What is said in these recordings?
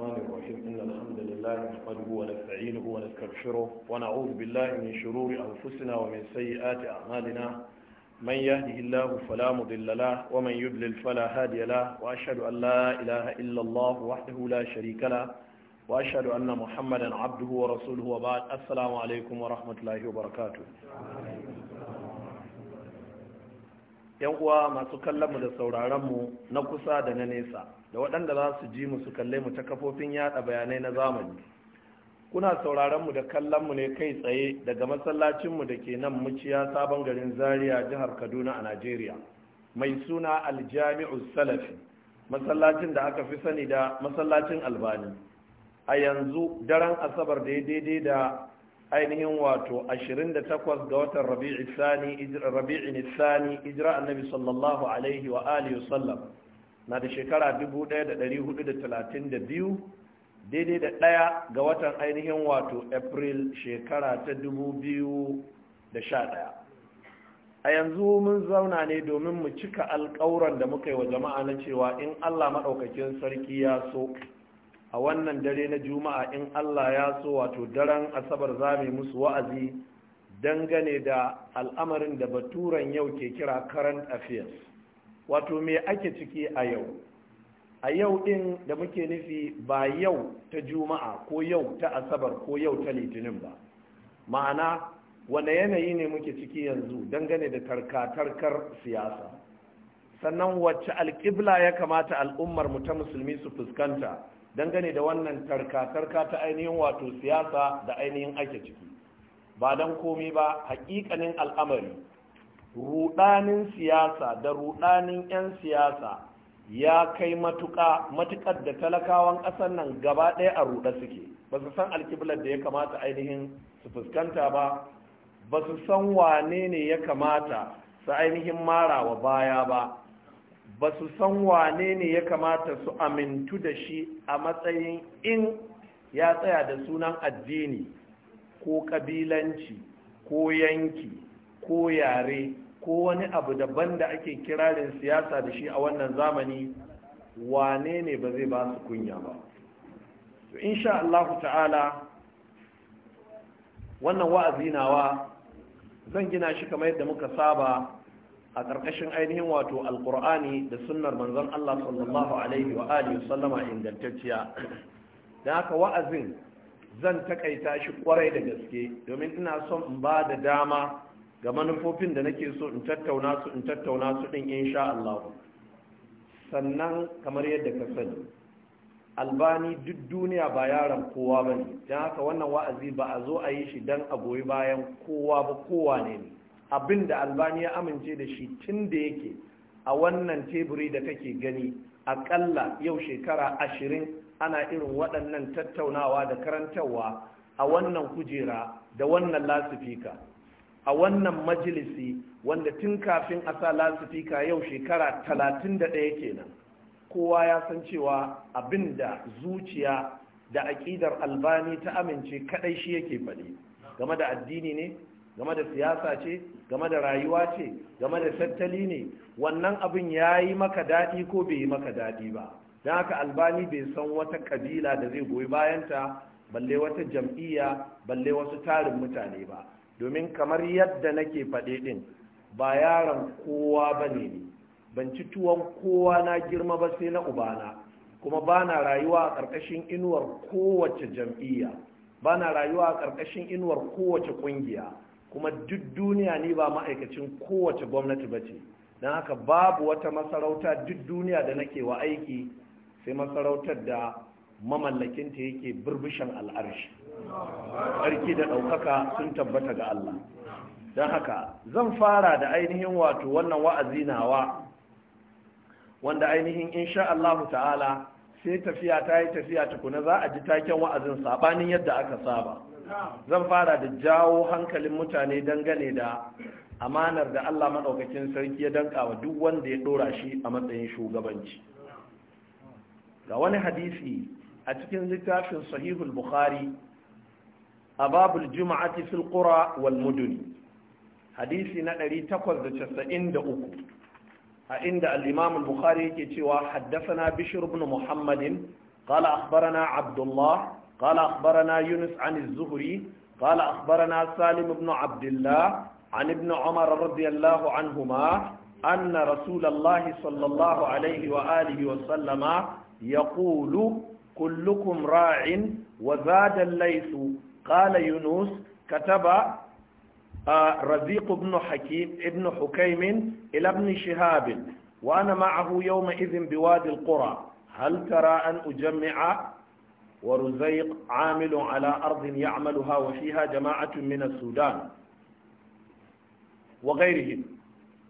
الرحمن الرحيم إن الحمد لله نحمده ونستعينه ونستغفره ونعوذ بالله من شرور أنفسنا ومن سيئات أعمالنا من يهده الله فلا مضل له ومن يضلل فلا هادي له وأشهد أن لا إله إلا الله وحده لا شريك له وأشهد أن محمدا عبده ورسوله وبعد السلام عليكم ورحمة الله وبركاته yan uwa masu kallon mu da sauraron mu na kusa da na nesa da waɗanda za su ji mu su kalle mu ta kafofin yada bayanai na zamani kuna sauraron mu da kallon mu ne kai tsaye daga masallacin mu da ke nan muciya sabon garin zaria jihar kaduna a najeriya mai suna aljami'u salafi masallacin da aka fi sani da masallacin albani a yanzu daren asabar da ya daidai da ainihin wato 28 ga watan rabi'i sani rabi'i sani ijra annabi sallallahu alaihi wa alihi sallam na da shekara 1432 daidai da daya ga watan ainihin wato april shekara ta 2011 a yanzu mun zauna ne domin mu cika alƙawuran da muka yi wa jama'a na cewa in Allah maɗaukakin sarki ya so a wannan dare na juma'a in allah ya so wato daren asabar zame musu wa'azi dangane da al'amarin da baturan yau ke kira current affairs wato me ake ciki a yau a yau din da muke nufi ba yau ta juma'a ko yau ta asabar ko yau ta litinin ba ma'ana wane yanayi ne muke ciki yanzu dangane da karkatarkar siyasa sannan wacce alƙibla ya kamata al'ummar mu ta musulmi su fuskanta dangane da wannan tarka-tarka ta ainihin wato siyasa da ainihin ake ciki ba don komi ba hakikanin al'amari rudanin siyasa da rudanin 'yan siyasa ya kai matuƙa matuƙar da talakawan ƙasar nan gaba ɗaya a ruɗa suke ba su san alkiblar da ya kamata ainihin su fuskanta ba ba su san wane ne ya kamata su ainihin marawa baya ba ba su san wane ne ya kamata su amintu da shi a matsayin in ya tsaya da sunan addini ko kabilanci ko yanki ko yare ko wani abu daban da ake kirarin siyasa da shi a wannan zamani wane ne ba zai ba su kunya ba to insha Allah ta'ala wannan wa'azi nawa zan gina shi kamar yadda muka saba a ƙarƙashin ainihin wato alƙur'ani da sunnar manzon Allah sallallahu alaihi wa alihi sallama ingantacciya da haka wa'azin zan takaita shi kwarai da gaske domin ina son in ba da dama ga manufofin da nake so in tattauna su in tattauna su din insha Allah sannan kamar yadda ka sani albani duk duniya ba yaron kowa bane don haka wannan wa'azi ba a zo a yi shi dan a goyi bayan kowa ba kowa ne ne abin da albani ya amince da shi tun da yake a wannan teburi da kake gani akalla yau shekara ashirin ana irin waɗannan tattaunawa da karantarwa a wannan kujera da wannan lasifika a wannan majalisi wanda tun kafin a sa lasifika yau shekara talatin da ɗaya kenan kowa ya san cewa abin da zuciya da aƙidar albani ta amince kaɗai shi yake faɗi game da addini ne game da siyasa ce game da rayuwa ce game da tattali ne wannan abin ya yi maka daɗi ko bai yi maka daɗi ba don haka albani bai san wata kabila da zai goyi bayanta balle wata jam'iyya balle wasu tarin mutane ba domin kamar yadda nake faɗe ɗin ba yaron kowa ba ne ne ban ci tuwon kowa na girma ba sai na ubana kuma ba na rayuwa a ƙarƙashin inuwar kowace jam'iyya ba na rayuwa a ƙarƙashin inuwar kowace ƙungiya kuma duk duniya ni ba ma'aikacin kowace gwamnati ba ce don haka babu wata masarauta duk duniya da nake wa aiki sai masarautar da mamallakinta yake birbishan al'arshi ƙarki da ɗaukaka sun tabbata ga Allah don haka zan fara da ainihin wato wannan wa'azi nawa wanda ainihin insha Allah ta'ala sai tafiya ta yi tafiya tukuna za a ji taken wa'azin saɓanin yadda aka saba zan fara da jawo hankalin mutane dangane da amanar da Allah maɗaukakin sarki ya danka wa duk wanda ya ɗora shi a matsayin shugabanci ga wani hadisi a cikin littafin sahihul bukhari a babul juma'ati fil qura wal muduni hadisi na 893 a inda al-imam bukhari yake cewa haddathana bishr ibn muhammadin qala akhbarana abdullah قال أخبرنا يونس عن الزهري قال أخبرنا سالم بن عبد الله عن ابن عمر رضي الله عنهما أن رسول الله صلى الله عليه وآله وسلم يقول كلكم راع وزاد الليث قال يونس كتب آه، رزيق بن حكيم ابن حكيم إلى ابن شهاب وأنا معه يومئذ بوادي القرى هل ترى أن أجمع ورزيق عامل على أرض يعملها وفيها جماعة من السودان وغيرهم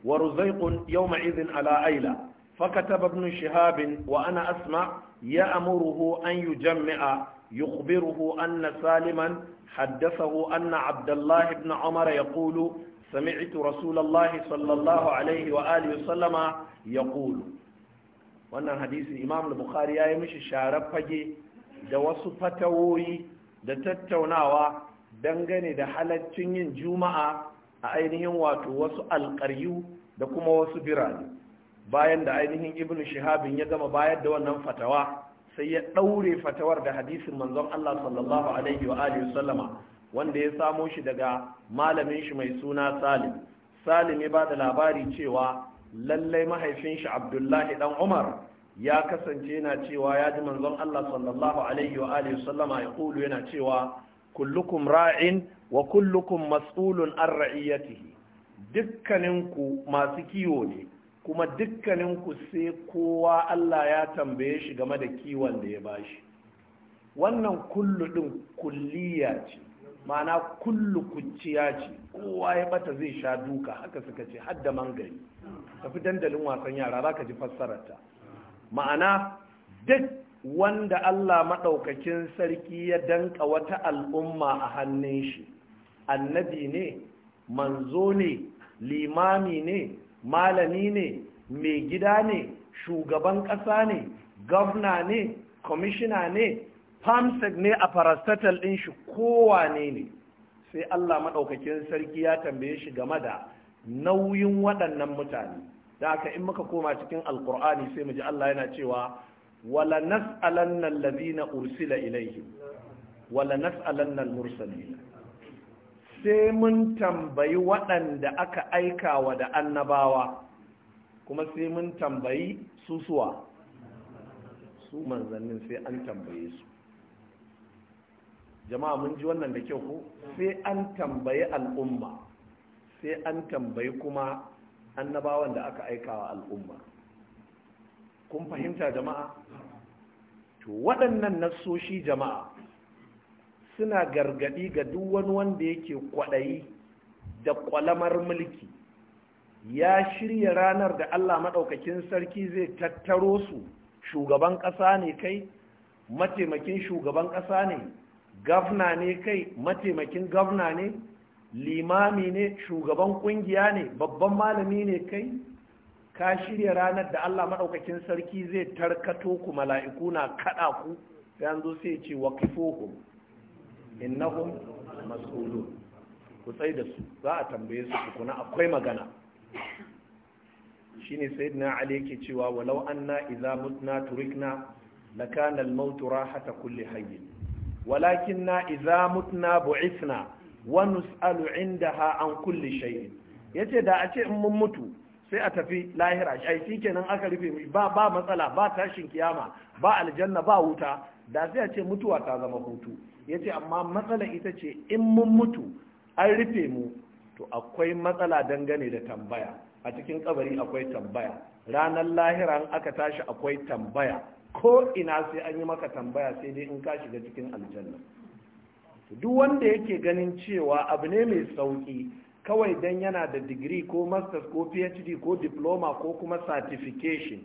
ورزيق يومئذ على أيلة فكتب ابن شهاب وأنا أسمع يأمره أن يجمع يخبره أن سالما حدثه أن عبد الله بن عمر يقول سمعت رسول الله صلى الله عليه وآله وسلم يقول وأن حديث الإمام البخاري يمشي ya فجي da wasu fatawoyi da tattaunawa dangane da halaccin yin juma'a a ainihin wato wasu alƙaryu da kuma wasu birane bayan da ainihin ibnu shihabin ya gama bayar da wannan fatawa sai ya ɗaure fatawar da hadisin manzon Allah sallallahu alaihi wa alihi sallama wanda ya samo shi daga malamin shi mai suna Salim Salim ya ba da labari cewa lallai mahaifin shi Abdullahi dan Umar ya kasance yana cewa ya ji manzon Allah sallallahu alaihi wa alihi sallama ya kulu yana cewa kullukum ra'in wa kullukum mas'ulun an ra'iyatihi dukkaninku masu kiwo ne kuma dukkaninku sai kowa Allah ya tambaye shi game da kiwon da ya bashi wannan kullu din kulliya ce ma'ana kullu kuciya ce kowa ya bata zai sha duka haka suka ce hadda mangari tafi dandalin wasan yara za ka ji ta. ma'ana duk wanda Allah maɗaukakin sarki ya danka wata al'umma a hannun shi annabi ne manzo ne limami ne malami ne mai gida ne shugaban ƙasa ne gwamna ne kwamishina ne famsek ne a farastatal ɗin shi kowane ne sai Allah maɗaukakin sarki ya tambaye shi game da nauyin waɗannan mutane da aka in muka koma cikin alqur'ani sai mu ji Allah yana cewa wala nas'alanna alladhina ursila ilayhi wala nas'alanna almursalin sai mun tambayi waɗanda aka aika wa da annabawa kuma sai mun tambayi susuwa su manzannin sai an tambaye su jama'a mun ji wannan da kyau ko sai an tambayi al'umma sai an tambayi kuma annabawan da aka aika wa al'umma kun fahimta jama'a to waɗannan nassoshi jama'a suna gargadi ga duk wani wanda yake kwaɗayi da ƙwalamar mulki ya shirya ranar da Allah maɗaukakin sarki zai tattaro su shugaban ƙasa ne kai mataimakin shugaban ƙasa ne gafna ne kai mataimakin gafna ne limami ne shugaban kungiya ne babban malami ne kai ka shirya ranar da Allah maɗaukakin sarki zai tarkato ku mala'iku na kaɗa ku sai sai ce wa innahum mas'ulun ku tsai da su za a tambaye su tukuna akwai magana shine sayyidina ali yake cewa walau anna idza mutna turikna lakana al-maut rahata kulli hayy walakinna idza mutna bu'ithna wa nus'alu ha an kulli Ya yace da a ce in mun mutu sai a tafi lahira ai kenan aka rufe ba ba matsala ba tashin kiyama ba aljanna ba wuta da sai a ce mutuwa ta zama hutu yace amma matsala ita ce in mun mutu an rufe mu to akwai matsala dangane da tambaya a cikin kabari akwai tambaya ranar lahira in aka tashi akwai tambaya ko ina sai an yi maka tambaya sai dai in ka shiga cikin aljanna duk wanda yake ganin cewa abu ne mai sauki kawai don yana da digiri ko masters ko phd ko diploma ko kuma certification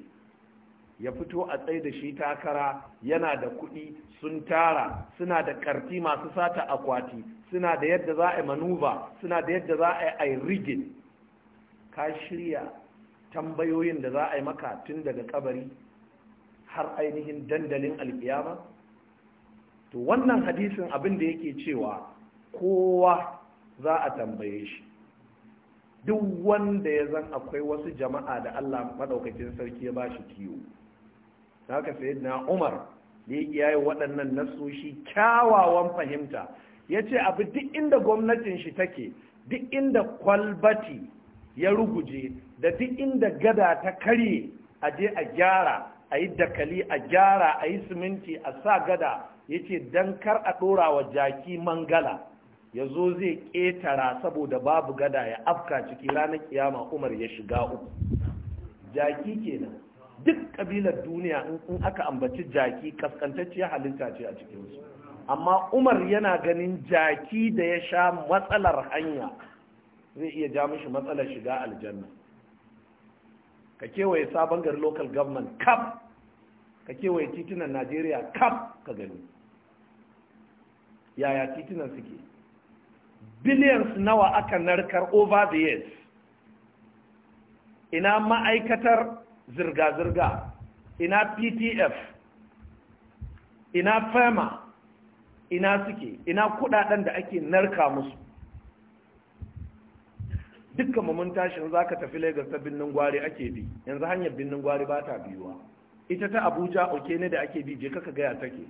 ya fito a tsaye da shi takara yana da kuɗi sun tara suna da ƙarfi masu sata akwati suna da yadda za a yi manuva suna da yadda za a yi rigid ka shirya tambayoyin da za a yi maka tun daga kabari har ainihin dandalin alkiyama to wannan hadisin abin da yake cewa kowa za a tambaye shi duk wanda ya zan akwai wasu jama'a da Allah madaukakin sarki ya ba shi kiwo haka na Umar ne ya yi waɗannan nasoshi kyawawan fahimta ya ce abu duk inda gwamnatin shi take duk inda kwalbati ya ruguje da duk inda gada ta karye a je a gyara a yi dakali a gyara a yi siminti a sa gada ya ce don kar a ɗora wa jaki mangala ya zo zai ƙetara saboda babu gada ya afka ciki ranar kiyama umar ya shiga uku jaki kenan duk ƙabilar duniya in aka ambaci jaki kaskantacciyar halitta ce a cikinsu amma umar yana ganin jaki da ya sha matsalar hanya zai iya ja mishi matsalar shiga aljanna ka kewaye sabon gari local government Kap. ka kewaye titunan najeriya Kap ka gani yaya titunan suke billions nawa aka narkar over the years ina ma'aikatar zirga-zirga ina ptf ina fema ina suke ina kudaden da ake narka musu dukkan mamun tashin za ka tafi lagos ta birnin gwari ake bi yanzu hanyar birnin gwari ba ta biyuwa ita ta abuja oke ne da ake bi je kaka gaya take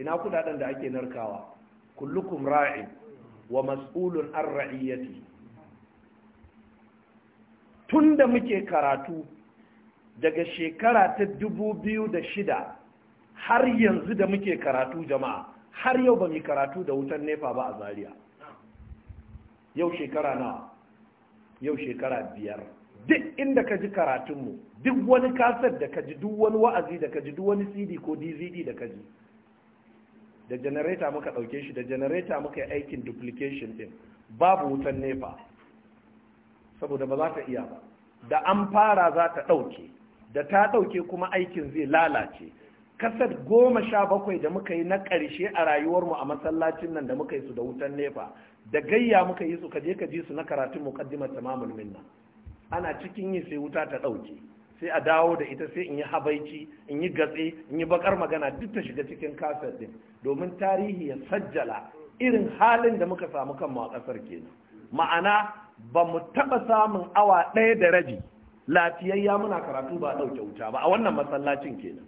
ina kudaden da ake narkawa kullukum ra'in wa mas'ulun ar ra'iyyati tunda muke karatu daga shekara ta dubu da shida har yanzu da muke karatu jama'a har yau ba mu karatu da wutar nefa ba a Zariya. yau shekara nawa yau shekara biyar duk inda ka ji karatunmu duk wani kasar da ka ji duk wani wa'azi da ka ji duk wani cd ko dvd da ka ji da janareta muka ɗauke shi da janareta muka yi aikin duplication ɗin babu wutan nefa saboda ba za ta iya ba da an fara za ta ɗauke da ta ɗauke kuma aikin zai lalace kasar goma sha bakwai da muka yi na ƙarshe a rayuwarmu a masallacin nan da muka yi su da wutan nefa da gayya muka yi su kaje-kaje ka ji su na karatun muqaddimat tamamul minna ana cikin yi sai wuta ta ɗauke sai a dawo da ita sai in yi habaici in yi gatsi, in yi bakar magana duk ta shiga cikin kasar din domin tarihi ya sajjala irin halin da muka samu kanmu a kasar kenan ma'ana ba mu taɓa samun awa ɗaya da rabi lafiyayya muna karatu ba ɗauke wuta ba a wannan masallacin kenan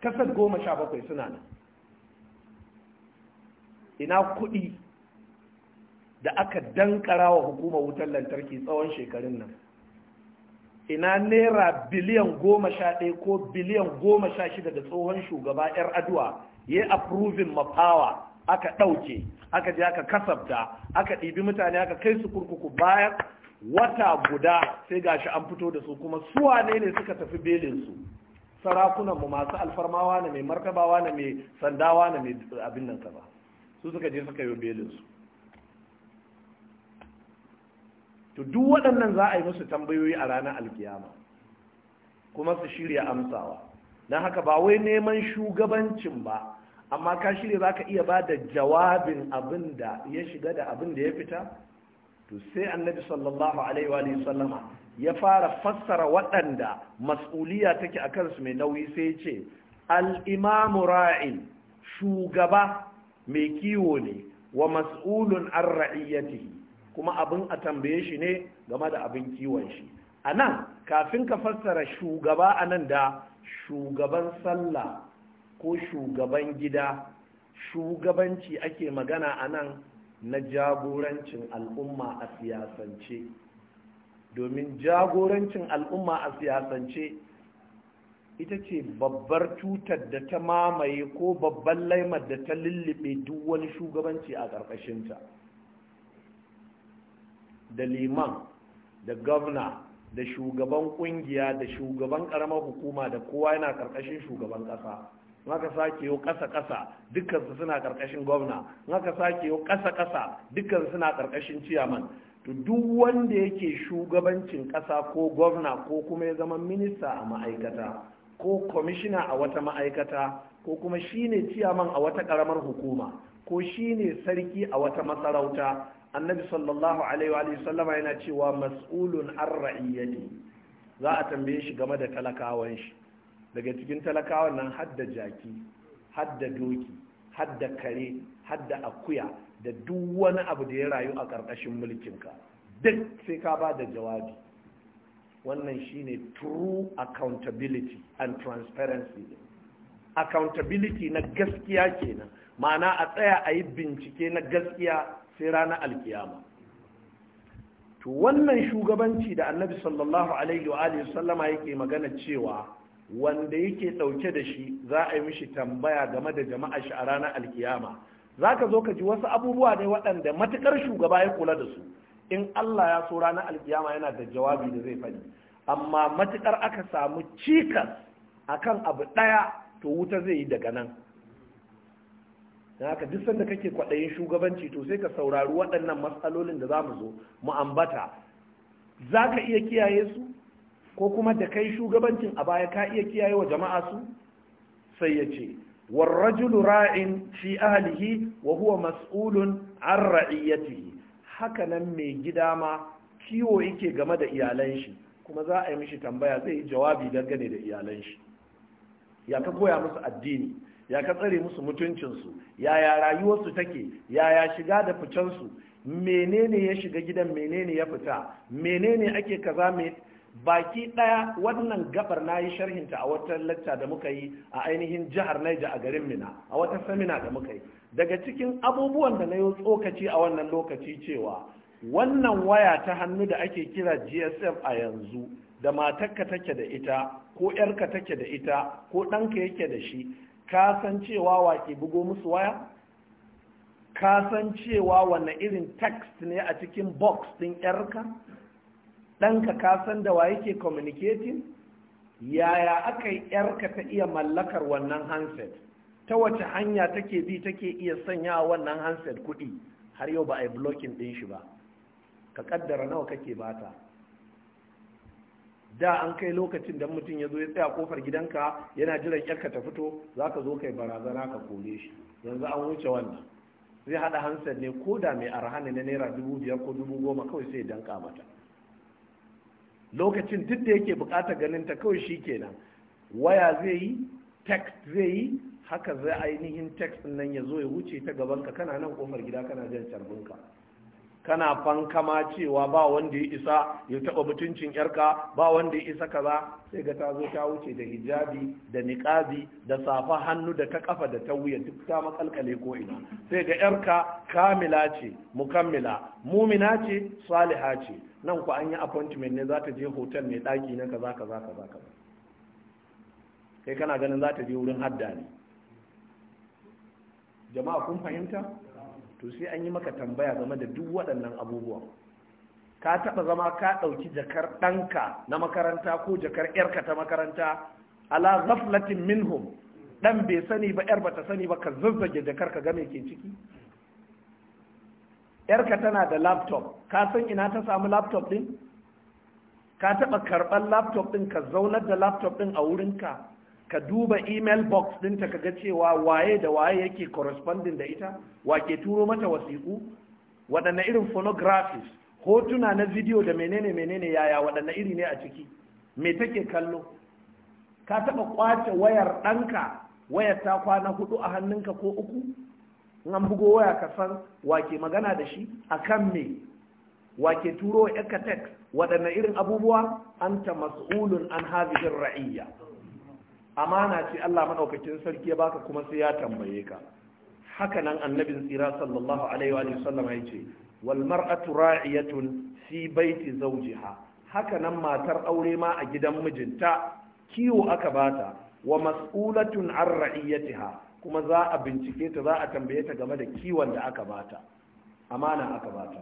kasar goma sha bakwai suna nan ina kuɗi da aka dankara wa hukumar wutar lantarki tsawon shekarun nan ina naira biliyan goma sha ɗaya ko biliyan goma sha shida da tsohon shugaba 'yar aduwa ya yi approving mafawa aka ɗauke aka je aka kasafta aka ɗibi mutane aka kai su kurkuku bayan wata guda sai gashi an fito da su kuma su ne ne suka tafi belinsu sarakunanmu masu alfarmawa na mai martabawa na mai sandawa na mai abin nan ka ba su suka je suka yi belinsu to duk waɗannan za a yi musu tambayoyi a ranar alkiyama kuma su shirya amsawa don haka ba wai neman shugabancin ba amma ka shirya za ka iya ba da jawabin abin da ya shiga da abin da ya fita to sai annabi sallallahu alaihi wa sallama ya fara fassara waɗanda mas'uliya take a kansu mai nauyi sai ce al'imamu ra'in shugaba mai kiwo ne wa mas'ulun an ra'iyyatihi kuma abin a tambaye shi ne game da abin kiwon shi a nan kafin ka fassara shugaba a nan da shugaban sallah ko shugaban gida shugabanci ake magana a nan na jagorancin al'umma a siyasance domin jagorancin al'umma a siyasance ita ce babbar tutar da ta mamaye ko babban laimar da ta lullube duk wani shugabanci a ƙarƙashinta. da liman da gwamna da shugaban kungiya da shugaban karamar hukuma da kowa yana karkashin shugaban kasa naka sake yau ƙasa-ƙasa dukkansu suna ƙarƙashin gwamna naka sake yau ƙasa-ƙasa dukkan suna ƙarƙashin ciyaman to duk wanda yake shugabancin ƙasa ko gwamna ko kuma ya zama minista a ma'aikata ko kwamishina a wata ma'aikata ko kuma shine ciyaman a wata karamar hukuma ko shine sarki a wata masarauta annabi sallallahu alaihi wa sallama yana cewa mas'ulun an ra'iyyati za a tambaye shi game da talakawan shi daga cikin talakawan nan hadda jaki hadda doki hadda kare hadda akuya da duk wani abu da ya rayu a ƙarƙashin ka, duk sai ka ba da jawabi wannan shine true accountability and transparency accountability na gaskiya kenan ma'ana a tsaya a yi bincike na gaskiya sai ranar alkiyama to wannan shugabanci da annabi sallallahu alaihi wa alihi sallama yake magana cewa wanda yake dauke da shi za a yi mishi tambaya game da jama'a shi a ranar alkiyama zaka zo ka ji wasu abubuwa ne waɗanda matukar shugaba ya kula da su in Allah ya so ranar alkiyama yana da jawabi da zai faɗi amma matukar aka samu cikas akan abu ɗaya to wuta zai yi daga nan don haka duk sanda kake kwaɗayin shugabanci to sai ka saurari waɗannan matsalolin da za mu zo mu ambata za ka iya kiyaye su ko kuma da kai shugabancin a baya ka iya kiyaye wa jama'a su sai ya ce warrajulu ra'in fi ahlihi wa huwa mas'ulun an ra'iyatihi haka nan mai gida ma kiwo yake game da iyalan shi kuma za a yi mishi tambaya zai yi jawabi dangane da iyalan shi ya ka koya musu addini ya ka tsare musu mutuncinsu yaya rayuwarsu take yaya shiga da ficensu menene ya shiga gidan menene ya fita menene ake kaza mai baki ɗaya wannan gabar na yi sharhinta a wata lacca da muka yi a ainihin jihar Naija a garin Mina a wata samina da muka yi daga cikin abubuwan da na yi tsokaci a wannan lokaci cewa wannan waya ta hannu da ake kira GSM a yanzu da matarka take da ita ko yarka take da ita ko ɗanka yake da shi ka san cewa wa ke bugo musu waya ka san cewa wanne irin text ne a cikin box ɗin yarka ɗanka ka san da wa yake communicating yaya aka yi yarka ta iya mallakar wannan handset ta wace hanya take bi take iya sanya wannan handset kuɗi har yau ba a yi blocking ɗin shi ba ka kaddara nawa kake bata da an kai lokacin da mutum ya zo ya tsaya kofar gidanka yana jiran yarka ta fito za ka zo kai barazana ka kore shi yanzu an wuce wannan zai haɗa hansar ne ko da mai arhani na naira dubu biyar ko dubu goma kawai sai danka mata lokacin duk da yake buƙatar ganin ta kawai shi kenan waya zai yi text zai yi haka zai ainihin text nan ya zo ya wuce ta gaban Ka kana nan kofar gida kana jan carbinka kana fankama cewa ba wanda ya isa ya taɓa mutuncin yarka ba wanda ya isa kaza sai ga ta zo ta wuce da hijabi da niƙazi da safa hannu da ta kafa da ta wuya duk ta makalkale ko ina sai ga yarka kamila ce mukammila mumina ce saliha ce nan ku an yi appointment ne za ta je hotel ne ɗaki na kaza kaza kaza kaza kai kana ganin za ta je wurin hadda ne jama'a kun fahimta to sai an yi maka tambaya game da duk waɗannan abubuwan ka taɓa zama ka ɗauki jakar ɗanka na makaranta ko jakar ƴarka ta makaranta ala ghaflatin minhum ɗan bai sani ba ƴar bata sani ba ka zazzage jakar ka ga ke ciki ƴarka tana da laptop ka san ina ta samu laptop ɗin ka taɓa karɓar laptop ɗin ka zaunar da laptop ɗin a wurinka ka duba email box ɗinta ka ga cewa waye da waye yake corresponding da ita wa ke turo mata wasiƙu waɗanne irin phonographies hotuna na video da menene menene yaya waɗanne iri ne a ciki me take kallo ka taɓa ƙwace wayar ɗanka wayar ta kwana hudu a hannunka ko uku in an bugo waya ka san wa ke magana da shi a kan me wa ke turo ekatex waɗanne irin abubuwa anta mas'ulun an hazihin ra'iyya amana ce Allah madaukakin sarki ya baka kuma sai ya tambaye ka haka nan annabin tsira sallallahu alaihi wa sallam ya ce wal mar'atu ra'iyatun fi baiti zawjiha haka nan matar aure ma a gidan mijinta kiwo aka bata wa mas'ulatun an ra'iyatiha kuma za a bincike ta za a tambaye ta game da kiwon da aka bata amana aka bata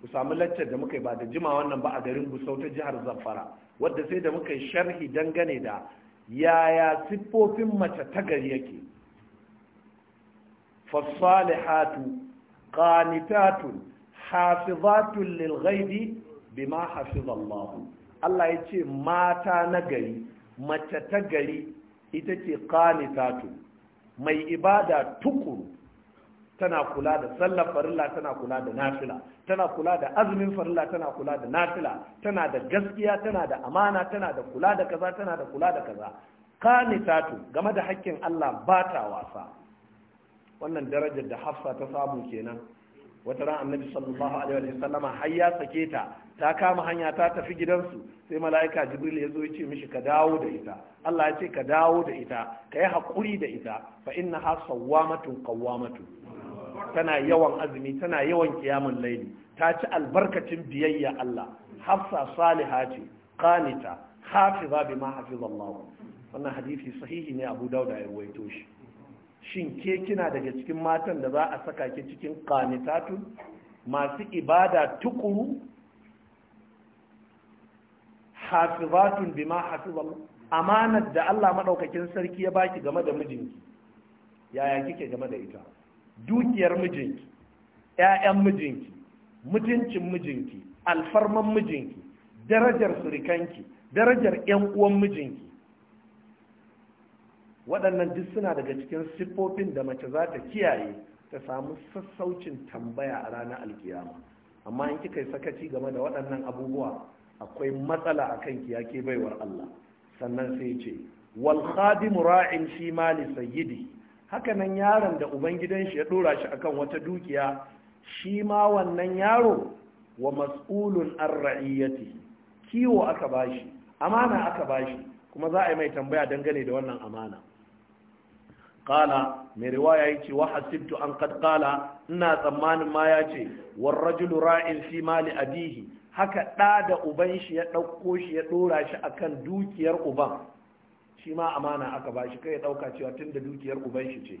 ku samu laccar da muka yi ba da jima wannan ba a garin busau ta jihar Zamfara wadda sai da muka yi sharhi dangane da yaya siffofin mace ta gari yake fassalihatu qanitatun hafizatun lil ghaibi bima hafizallahu Allah Allah ce mata nagari, mace ta gari ita ce qanitatun mai ibada tukuru tana kula da sallar farilla tana kula da nafila tana kula da azumin farilla tana kula da nafila tana da gaskiya tana da amana tana da kula da kaza tana da kula da kaza qanitatu game da haƙƙin Allah ba ta wasa wannan darajar da Hafsa ta samu kenan wata ran annabi sallallahu alaihi wa sallama har ya sake ta ta kama hanya ta tafi gidansu sai mala'ika jibril ya zo ya ce mishi ka dawo da ita Allah ya ce ka dawo da ita ka yi haƙuri da ita fa innaha sawwamatun qawwamatun tana yawan azumi tana yawan kiyamun laili ta ci albarkacin biyayya Allah hafsa saliha ce qanita hafiza bima hafizallahu wannan hadisi sahihi ne Abu Dawud ya rawaito shi shin ke kina daga cikin matan da za a saka ki cikin qanitatun masu ibada tukuru hafizatun bima hafizallahu amanar da Allah madaukakin sarki ya baki game da mijinki yaya kike game da ita dukiyar mijinki ‘ya'yan mijinki mutuncin mijinki alfarman mijinki darajar surikanki darajar ‘yan uwan mijinki waɗannan duk suna daga cikin siffofin da mace za ta kiyaye ta samu sassaucin tambaya a ranar alkiyama amma in kika yi sakaci game da waɗannan abubuwa akwai matsala a kanki ya baiwar Allah sannan sai ce wal Mura'in ra'in fi mali sayyidi haka nan yaron da ubangidan shi ya dora shi akan wata dukiya shi ma wannan yaro wa mas'ulun ar-ra'iyati kiwo aka bashi amana aka bashi kuma za a yi mai tambaya dangane da wannan amana qala mai riwaya yace wa hasibtu an qad qala ina tsammanin ma yace war rajulu ra'in fi mali abihi haka da da uban shi ya dauko shi ya dora shi akan dukiyar uban shi ma amana aka ba shi kai ya dauka cewa tun da dukiyar uban shi ce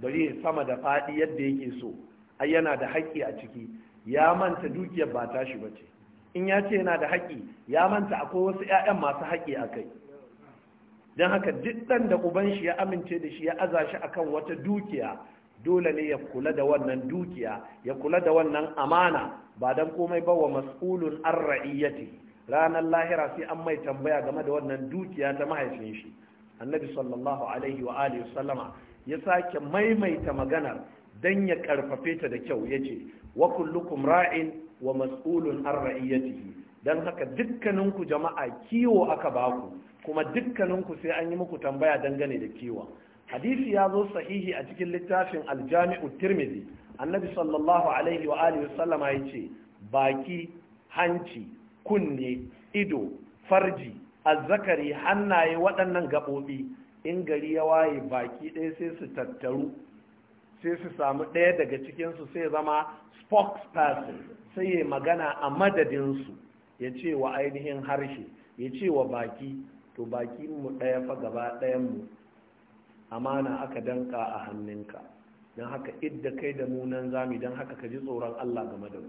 bari ya sama da faɗi yadda yake so ai yana da haƙƙi a ciki ya manta dukiyar ba tashi ba ce in ya ce yana da haƙƙi ya manta akwai wasu 'ya'yan masu haƙƙi a kai don haka duk ɗan da uban shi ya amince da shi ya aza shi akan wata dukiya dole ne ya kula da wannan dukiya ya kula da wannan amana ba don komai ba wa mas'ulun ar ra'iyyati ranar lahira sai an mai tambaya game da wannan dukiya ta mahaifin shi annabi sallallahu alaihi wa alihi sallama ya sake maimaita maganar dan ya karfafe ta da kyau yace wa kullukum ra'in wa mas'ulun an ra'iyatihi dan haka dukkaninku jama'a kiwo aka baku kuma dukkaninku sai an yi muku tambaya dangane da kiwo. hadisi ya zo sahihi a cikin littafin aljami'u tirmidhi annabi sallallahu alaihi wa alihi sallama yace baki hanci kunne ido farji azzakari hannaye waɗannan gaɓoɓi in gari ya waye baki ɗaya sai su tattaru sai su samu ɗaya daga cikinsu sai zama spokesperson sai ya magana a madadinsu ya ce wa ainihin harshe ya ce wa baki to baki mu ɗaya fa gaba ɗayanmu amana aka danka a hannunka don haka idda kai da munan zami don haka ka ji tsoron allah game da mu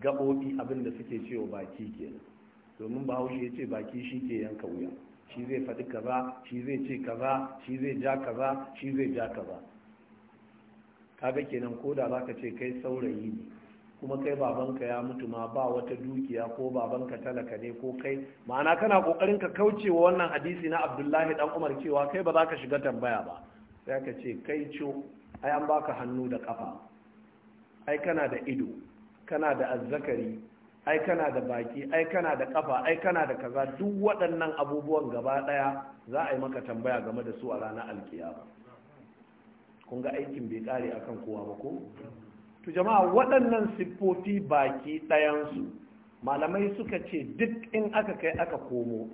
gaɓoɓi abinda suke cewa baki kenan domin bahaushe ya ce baki shi ke yanka wuya shi zai faɗi kaza shi zai ce kaza shi zai ja kaza shi zai ja kaza kaga kenan ko da za ka ce kai saurayi ne kuma kai babanka ya mutu ma ba wata dukiya ko babanka talaka ne ko kai ma'ana kana kokarin ka kaucewa wannan hadisi na abdullahi dan umar cewa kai ba za ka shiga tambaya ba sai ka ce kai ciwo ai an baka hannu da kafa ai kana da ido kana da azzakari ai kana da baki ai kana da kafa ai kana da kaza duk waɗannan abubuwan gaba ɗaya za a yi maka tambaya game da su a ranar alkiyama kun ga aikin bai kare akan kowa ba ko to jama'a waɗannan siffofi baki ɗayansu malamai suka ce duk in aka kai aka komo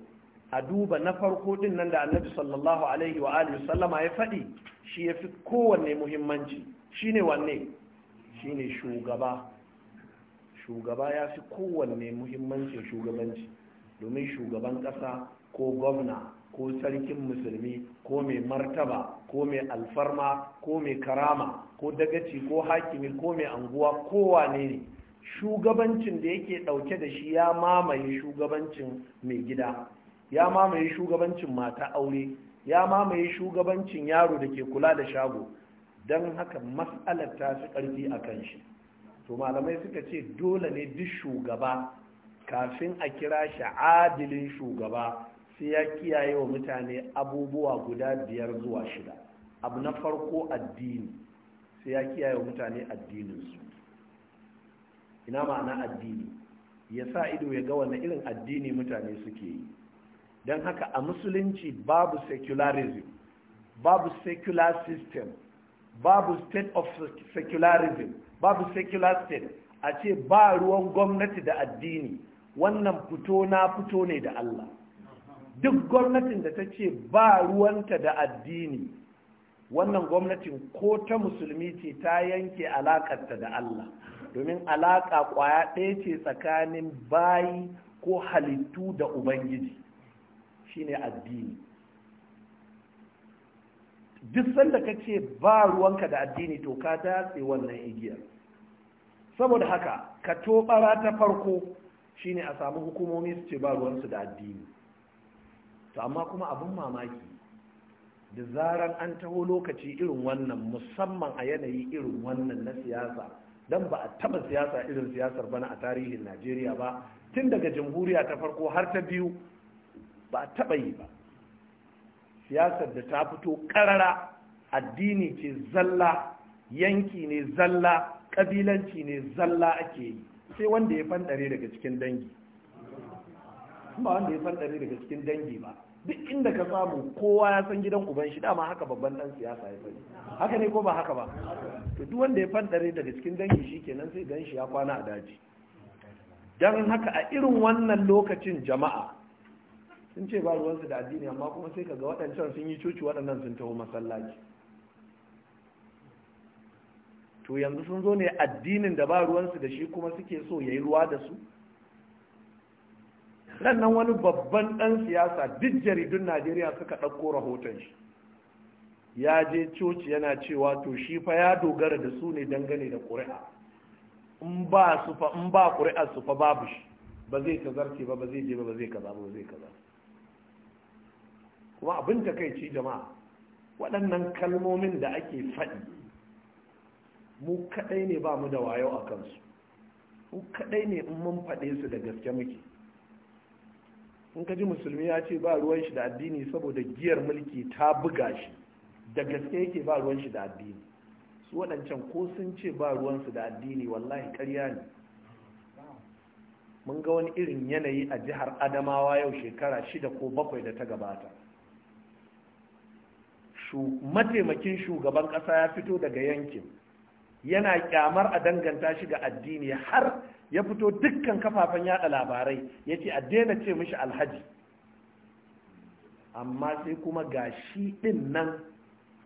a duba na farko din nan da annabi sallallahu alaihi wa alihi sallama ya faɗi shi ya fi kowanne muhimmanci shine wanne shine shugaba shugaba ya fi kowanne muhimmancin shugabanci domin shugaban ƙasa ko gwamna ko sarkin musulmi ko mai martaba ko mai alfarma ko mai karama ko dagaci ko hakimi ko mai anguwa kowa ne shugabancin da yake ɗauke da shi ya mamaye shugabancin mai gida ya mamaye shugabancin mata aure ya mamaye shugabancin yaro da ke kula da shago don haka matsalar ta fi ƙarfi a kan shi to malamai suka ce dole ne duk shugaba kafin a kira shi adilin shugaba sai ya kiyaye wa mutane abubuwa guda biyar zuwa shida abu na farko addini sai ya kiyaye wa mutane addininsu ina ma'ana addini ya sa ido ya ga wani irin addini mutane suke yi don haka a musulunci babu secularism babu secular system babu state of secularism babu secular state a ce ba ruwan gwamnati da addini wannan fito na fito ne da Allah duk gwamnatin da ta ce ba ruwanta da addini wannan gwamnatin ko ta musulmi ce ta yanke alakarta da Allah domin alaka kwaya ɗaya ce tsakanin bayi ko halittu da ubangiji shine addini duk sanda ka ce ba ruwanka da addini to ka datse wannan igiyar saboda haka ka tobara ta farko shine a samu hukumomi su ce ba ruwansu da addini to amma kuma abin mamaki da zaran an taho lokaci irin wannan musamman a yanayi irin wannan na siyasa don ba a taba siyasa irin siyasar bana a tarihin najeriya ba tun daga jamhuriya ta farko har ta biyu ba a taba yi ba siyasar da ta fito karara addini ce zalla yanki ne zalla kabilanci ne zalla ake yi sai wanda ya fandare daga cikin dangi ba wanda ya fandare daga cikin dangi ba duk inda ka samu kowa ya san gidan uban shi dama haka babban dan siyasa ya sani haka ne ko ba haka ba to duk wanda ya fandare daga cikin dangi shi kenan sai gan shi ya kwana a daji dan haka a irin wannan lokacin jama'a sun ce ba su da addini amma kuma sai kaga ga waɗancan sun yi coci waɗannan sun taho masallaci to yanzu sun zo ne addinin da ba ruwansu da shi kuma suke so ya yi ruwa da su sannan wani babban ɗan siyasa duk jaridun najeriya suka ɗauko rahoton shi ya je coci yana cewa to shi fa ya dogara da su ne dangane da ƙuri'a in ba su fa in ba ƙuri'a su fa babu shi ba zai zarce ba ba zai je ba ba zai kaza ba zai kaza kuma abin takaici jama'a waɗannan kalmomin da ake faɗi mu kadai ne ba mu da wayo a kansu mu kadai ne in mun faɗe su da gaske muke in ka ji musulmi ya ce ba ruwan shi da addini saboda giyar mulki ta buga shi da gaske yake ba ruwan shi da addini su waɗancan ko sun ce ba ruwan su da addini wallahi karya ne mun ga wani irin yanayi a jihar adamawa yau shekara shida ko bakwai da ta gabata mataimakin shugaban ƙasa ya fito daga yankin yana kyamar a danganta shi ga addini har ya fito dukkan kafafen yada labarai ya ce a daina ce mishi alhaji amma sai kuma ga shi ɗin nan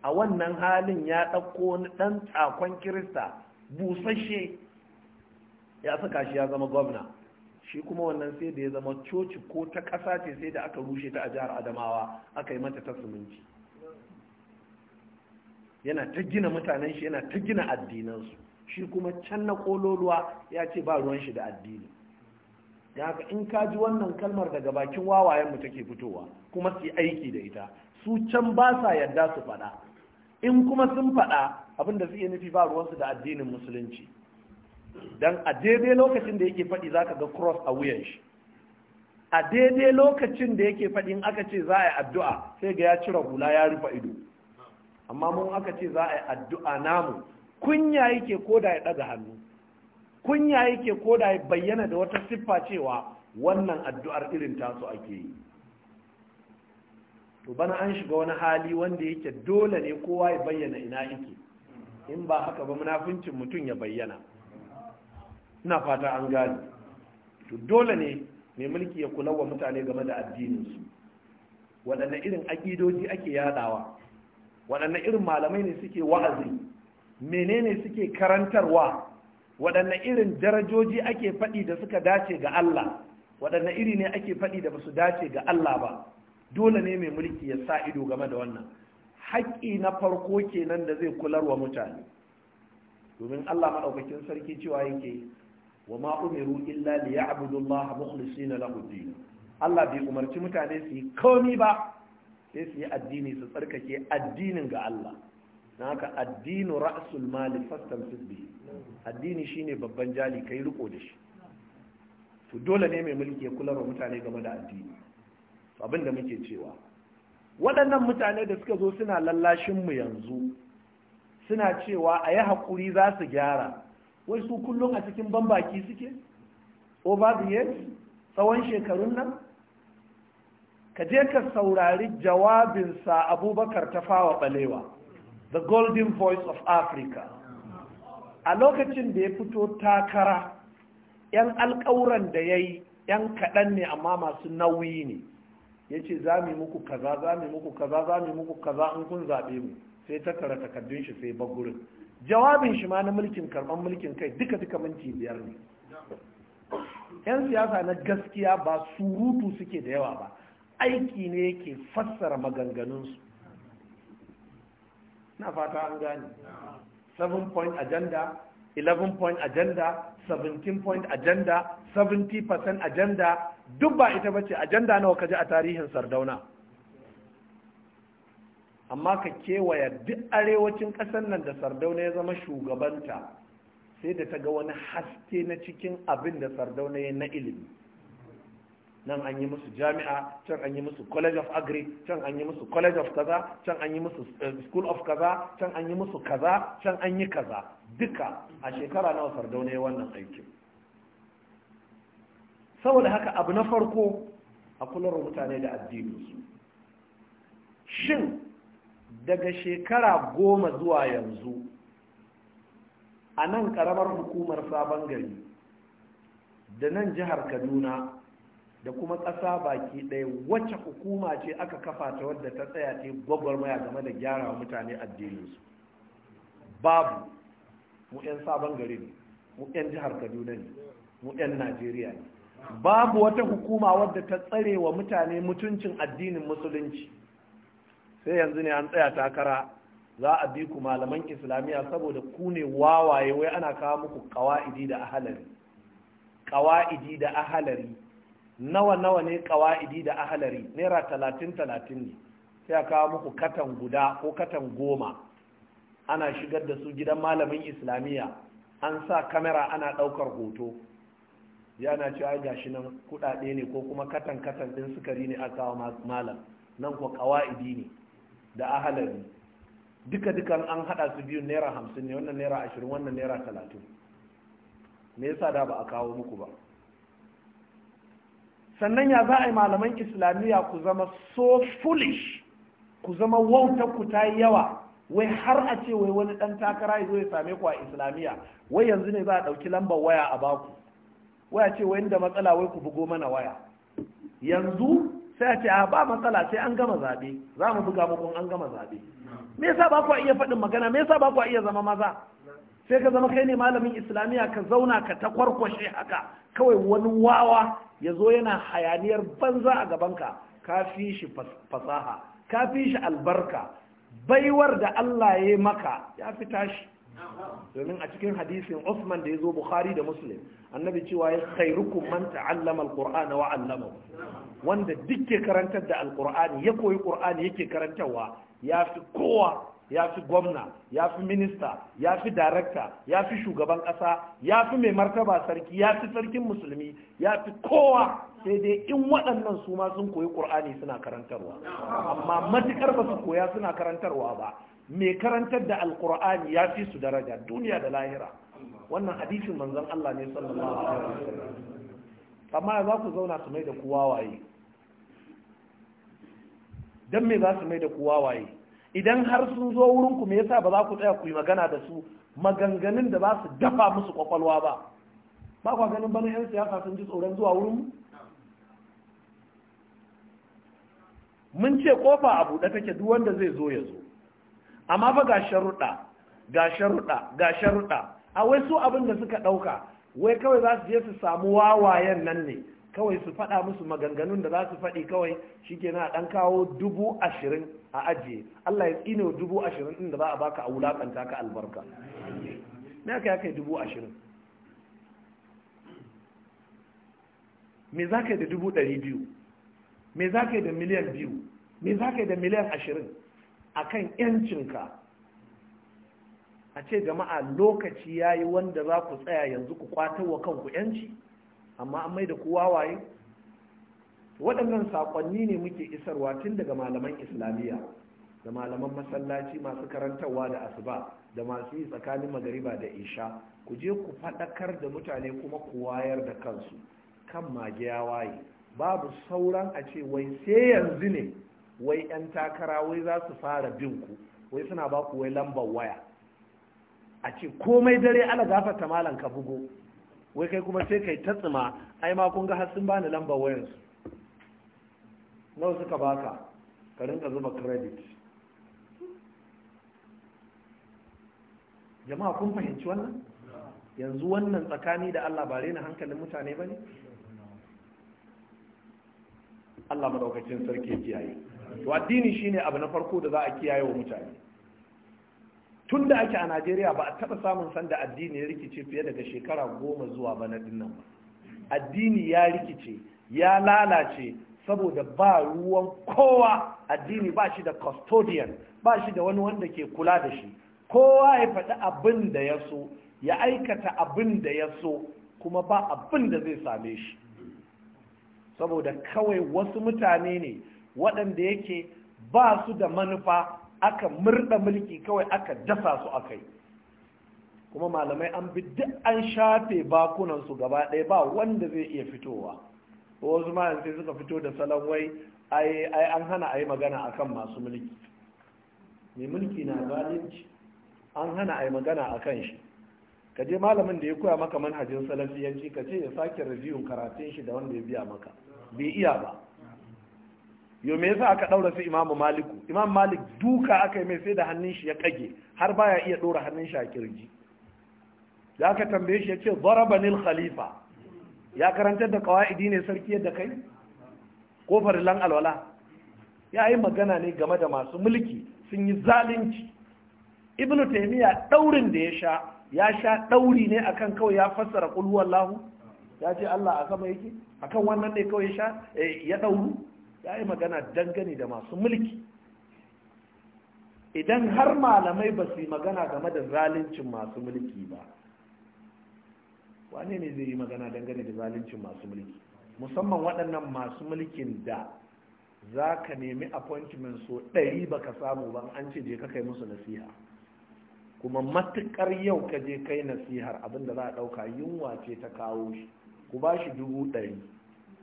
a wannan halin ya ɗauko wani ɗan tsakon kirista busashe ya saka shi ya zama gwamna shi kuma wannan sai da ya zama coci ko ta ƙasa ce sai da aka rushe ta a jihar adamawa aka yi mata ta suminci yana ta gina mutanen shi yana ta gina addinansu shi kuma can na kololuwa ya ce ba ruwan shi da addini da haka in ka ji wannan kalmar daga bakin wawayenmu take fitowa kuma su aiki da ita su can ba sa yarda su faɗa in kuma sun faɗa abinda da suke nufi ba ruwansu da addinin musulunci don a daidai lokacin da yake faɗi za ka ga cross a wuyan shi a daidai lokacin da yake faɗi in aka ce za a yi addu'a sai ga ya cire hula ya rufe ido amma mun aka ce za a yi addu'a namu kunya yake ko da ya ɗaga hannu kunya yake ko da ya bayyana da wata siffa cewa wannan addu'ar irin taso ake yi to bana an shiga wani hali wanda yake dole ne kowa ya bayyana ina yake in ba haka ba munafincin mutum ya bayyana ina fata an gane to dole ne mai mulki ya kula wa mutane game da addinin addininsu waɗanne irin aƙidoji ake yadawa waɗanne irin malamai ne suke wa'azi menene suke karantarwa waɗanne irin darajoji ake faɗi da suka dace ga Allah waɗanne iri ne ake faɗi da basu dace ga Allah ba dole ne mai mulki ya sa ido game da wannan haƙƙi na farko kenan da zai kularwa mutane domin Allah maɗaukakin sarki cewa yake wa ma umiru illa li ya'budu Allah lahu Allah bai umarci mutane su yi komi ba sai su yi addini su tsarkake addinin ga Allah na haka addinu ra'sul mali fastan bihi addini shine babban jali kai riko da shi to dole ne mai mulki ya kula da mutane game da addini abin da muke cewa waɗannan mutane da suka zo suna lallashin mu yanzu suna cewa a yi haƙuri za su gyara wai su kullum a cikin banbaki suke over the years tsawon shekarun nan ka je ka saurari jawabinsa abubakar ta fawa balewa the golden voice of africa a lokacin da ya fito takara 'yan alkawuran da ya yi 'yan kaɗan ne amma masu nauyi ne ya ce za mu muku kaza za mu muku kaza za mu muku kaza in kun zaɓe mu sai ta kara takardun shi sai bagurin jawabin shi ma na mulkin karɓar mulkin kai duka duka minti biyar ne 'yan siyasa na gaskiya ba surutu suke da yawa ba aiki ne yake fassara maganganunsu na fata an gane 7 point agenda 11 point agenda 17 point agenda 70% agenda duk ba ita bace agenda nawa kaji a tarihin sardauna amma ka kewaya duk arewacin ƙasar nan da sardauna ya zama shugabanta sai da ta ga wani haske na cikin abin da sardauna ya na ilimi nan an yi musu jami'a can an yi musu college of agri can an yi musu college of kaza can an yi musu eh, school of kaza can an yi musu kaza can an yi kaza duka a shekara nawa sardauna ya wannan aikin saboda haka abu na farko a kular mutane da addininsu shin daga shekara goma zuwa yanzu a nan karamar hukumar sabon gari da nan jihar kaduna da kuma ƙasa baki ɗaya wacce hukuma ce aka kafa ta wadda ta tsaya ta gwagwarmaya game da gyara wa mutane addininsu babu mu 'yan sabon gari ne mu 'yan jihar kaduna ne mu 'yan najeriya ne babu wata hukuma wadda ta tsare wa mutane mutuncin addinin musulunci sai yanzu ne an tsaya takara za a bi ku malaman islamiyya saboda ku ne wawaye wai ana kawo muku kawa'idi da ahalari kawa'idi da ahalari nawa nawa ne ƙawa'idi da ahalari naira talatin talatin ne sai a kawo muku katan guda ko katan goma ana shigar da su gidan malamin islamiyya an sa kamera ana ɗaukar hoto yana ce ai gashi nan kuɗaɗe ne ko kuma katan katan ɗin sukari ne a kawo malam nan ko ƙawa'idi ne da ahalari duka dukan an haɗa su biyu naira hamsin ne wannan naira ashirin wannan naira talatin me yasa da ba a kawo muku ba sannan ya za a yi malaman islamiyya ku zama so foolish ku zama wauta ku ta yi yawa wai har a ce wai wani ɗan takara ya zo ya same ku a islamiyya wai yanzu ne za a ɗauki lambar waya a baku waya ce wai da matsala wai ku bugo mana waya yanzu sai a ce a ba matsala sai an gama zaɓe za mu buga muku an gama zaɓe me yasa ba ku iya faɗin magana me yasa ba ku iya zama maza sai ka zama kai ne malamin islamiyya ka zauna ka ta kwarkwashe haka kawai wani wawa ya zo yana hayaniyar banza a gabanka ka fi shi fasaha ka fi shi albarka baiwar da Allah ya maka ya fi tashi domin a cikin hadisin Usman da ya zo Bukhari da Muslim annabi cewa ya khairukum man ta'allama alqur'ana wa 'allamahu wanda duk ke karantar da alqur'ani ya koyi qur'ani yake karantarwa ya fi kowa ya fi gwamna ya fi minista ya fi darakta ya fi shugaban ƙasa ya fi mai martaba sarki ya fi sarkin musulmi ya fi kowa sai dai in waɗannan su ma sun koyi ƙur'ani suna karantarwa amma matuƙar ba su koya suna karantarwa ba mai karantar da alƙur'ani ya fi su daraja duniya da lahira wannan hadisin manzon Allah ne sallallahu alaihi wasallam amma za ku zauna su mai da kuwa waye dan me za su mai da kuwa waye idan har sun zo wurin ku me yasa ba za ku tsaya ku yi magana da su maganganun da ba su dafa musu kwakwalwa ba ba kwa ganin bana yan siyasa sun ji tsoron zuwa wurin mu mun ce kofa a buɗe take duk wanda zai zo ya zo amma ba ga sharuɗa ga sharuɗa ga sharuɗa a wai su abin da suka ɗauka wai kawai za su je su samu wawayen nan ne kawai su faɗa musu maganganun da za su faɗi kawai shi ke na ɗan kawo dubu ashirin a ajiye Allah ya tsine dubu ashirin ɗin da za a baka a wulaƙanta ka albarka me aka yi dubu ashirin me za ka yi da dubu ɗari biyu me za ka yi da miliyan biyu me za ka yi da miliyan ashirin a kan ‘yancinka a ce jama'a lokaci ya yi wanda za ku tsaya yanzu ku kwatar wa kanku ‘yanci’ amma an mai da kowa waye waɗannan saƙonni ne muke isarwa tun daga malaman islamiyya da malaman masallaci masu karantarwa da asuba da masu yi tsakanin magariba da isha ku je ku faɗakar da mutane kuma ku wayar da kansu kan magiya waye babu sauran a ce wai sai yanzu ne wai 'yan takara wai za su fara bin ku wai suna ba ku wai lambar waya a ce komai dare ala gafarta malam ka bugo wai kai kuma sai kai ta tsima ai ma kun ga har sun bani lamba wayansu nawa suka baka ka rinka zuba credit jama'a kun fahimci wannan yanzu wannan tsakani da Allah ba rena hankalin mutane bane Allah madaukakin sarki kiyaye to addini shine abu na farko da za a kiyaye wa mutane tun da ake a najeriya ba a taɓa samun sanda addini ya rikice fiye daga shekara goma zuwa bana dinnan ba addini ya rikice ya lalace saboda ba ruwan kowa addini ba shi da custodian ba shi da wani wanda ke kula da shi kowa ya faɗi abin da ya so ya aikata abin da ya so kuma ba abin da zai same shi saboda kawai wasu mutane ne waɗanda yake ba su da manufa aka murda mulki kawai aka dasa su a kai. kuma malamai an bi duk an shafe bakunan su gaba ɗaya ba wanda zai iya fitowa wasu ma sai suka fito da salon wai ai an hana a yi magana akan masu mulki mai mulki na zalunci an hana a yi magana a kan shi ka je malamin da ya koya maka manhajin salafiyanci ka ce ya sake review karatun shi da wanda ya biya maka bai iya ba Yau me yasa aka daura su imamu maliku imam malik duka aka yi mai sai da hannun shi ya kage har baya iya dora hannun shi a kirji ya ka tambaye shi ya ce darabanil khalifa ya karantar da qawaidi ne sarki yadda kai ko farilan alwala ya yi magana ne game da masu mulki sun yi zalunci ibnu taymiya daurin da ya sha ya sha dauri ne akan kawai ya fassara qul huwallahu ya ce Allah a sama yake akan wannan ne kawai ya sha eh, ya dauru ya yi magana dangane da masu mulki idan har malamai ba su yi magana game da zaluncin masu mulki ba wane ne zai yi magana dangane da zaluncin masu mulki musamman waɗannan masu mulkin da za ka nemi appointment so ɗari ba ka samu ban an ce je ka kai musu nasiha kuma matuƙar yau ka je kai nasihar abinda za a ɗauka yunwa ce ta kawo shi ku ba shi dubu ɗari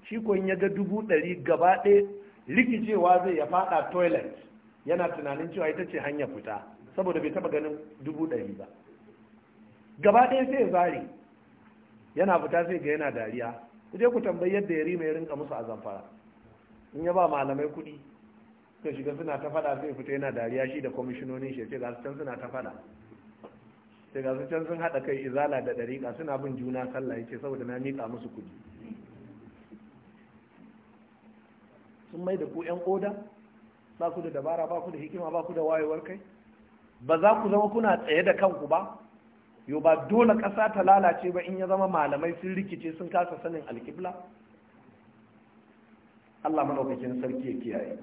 shi ya ga dubu ɗari gaba ɗaya rikicewa zai ya faɗa toilet yana tunanin cewa ita ce hanya fita saboda bai taɓa ganin dubu ɗari ba gaba ɗaya sai ya zari yana fita sai ga yana dariya ku je ku tambayi yadda ya rima ya rinka musu a zamfara in ya ba malamai kuɗi suka shiga suna ta faɗa sai fita yana dariya shi da kwamishinonin shi ce ga can suna ta faɗa sai ga can sun haɗa kai izala da ɗariƙa suna bin juna sallah ya saboda na miƙa musu kuɗi sun mai da ku yan oda ba ku da dabara ba ku da hikima ba ku da wayewar kai ba za ku zama kuna tsaye da kanku ba Yau ba dole ƙasa ta lalace ba in ya zama malamai sun rikice sun kasa sanin alƙibla Allah madaukakin sarki ya kiyaye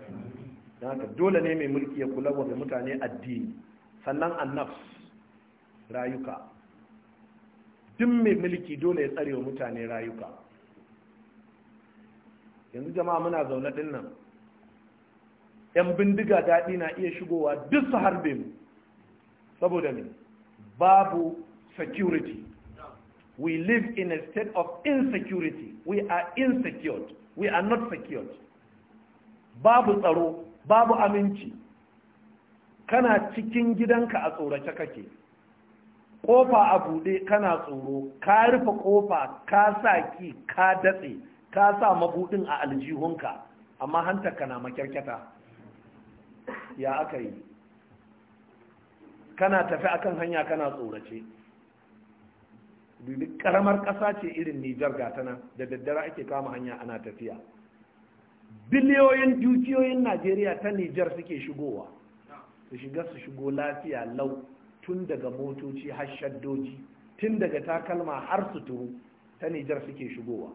don haka dole ne mai mulki ya kula wa mutane addini sannan annafs rayuka duk mai mulki dole ya tsare wa mutane rayuka yanzu jama'a muna zaune din nan yan bindiga daɗi na iya shigowa duk su harbe mu saboda ne babu security we live in a state of insecurity we are insecure we are not secure babu tsaro babu aminci kana cikin gidanka a tsorace kake kofa a bude kana tsoro ka rufe kofa ka sa ki ka datse ka sa mabudin a aljihunka amma hantarka na makyarkyata ya aka yi kana tafi akan hanya kana tsorace dubi karamar ƙasa ce irin nijar gatana da daddare ake kama hanya ana tafiya biliyoyin dukiyoyin najeriya ta nijar suke shigowa su shiga su shigo lafiya lau tun daga motoci har shaddoji tun daga takalma har suturu ta nijar suke shigowa